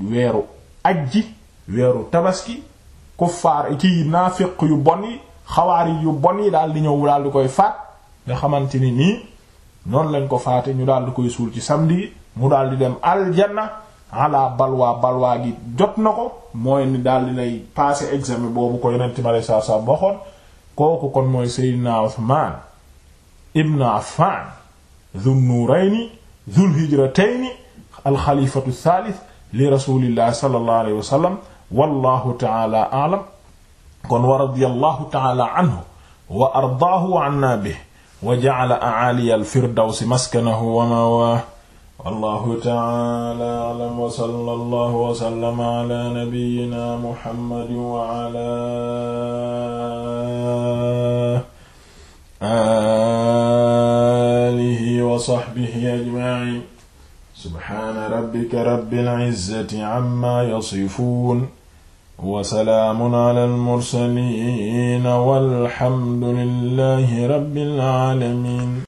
weeru ajji weeru tabaski kuffaar ci naafiq yu bon yi xawaari yu bon yi daal di ñëw daal di koy faat nga xamante ni nii noonu lañ ko faate ñu daal di koy suul ci samedi mu daal di dem aljanna ala balwaa balwaa gi jot na ko mooy ni daal di lay passer examen boobu ko yonent mi alayhi salaatu wa salaam kooku kon mooy Seydina Usmaan ibn Affan dhul nuurayni dhul hijratayni alxalifatu thalith li rasulillahi sallallahu alayhi wa sallam wallahu taala aalam kon wa radiyallahu taala anhu wa ardaahu wa anna bihi wa ja'ala a'aliya al-firdawsi maskanahu wa ma'waahu wallahu taala a'lam wa sallallahu wa sallama ala nabiyyina muhammadin wa ala aalihi wa saxbihi ajmaciin subxaana rabbika rabbil izzati camma yasifuun wa salaamun alal mursaliin walhamdulillahi rabbil caalamiin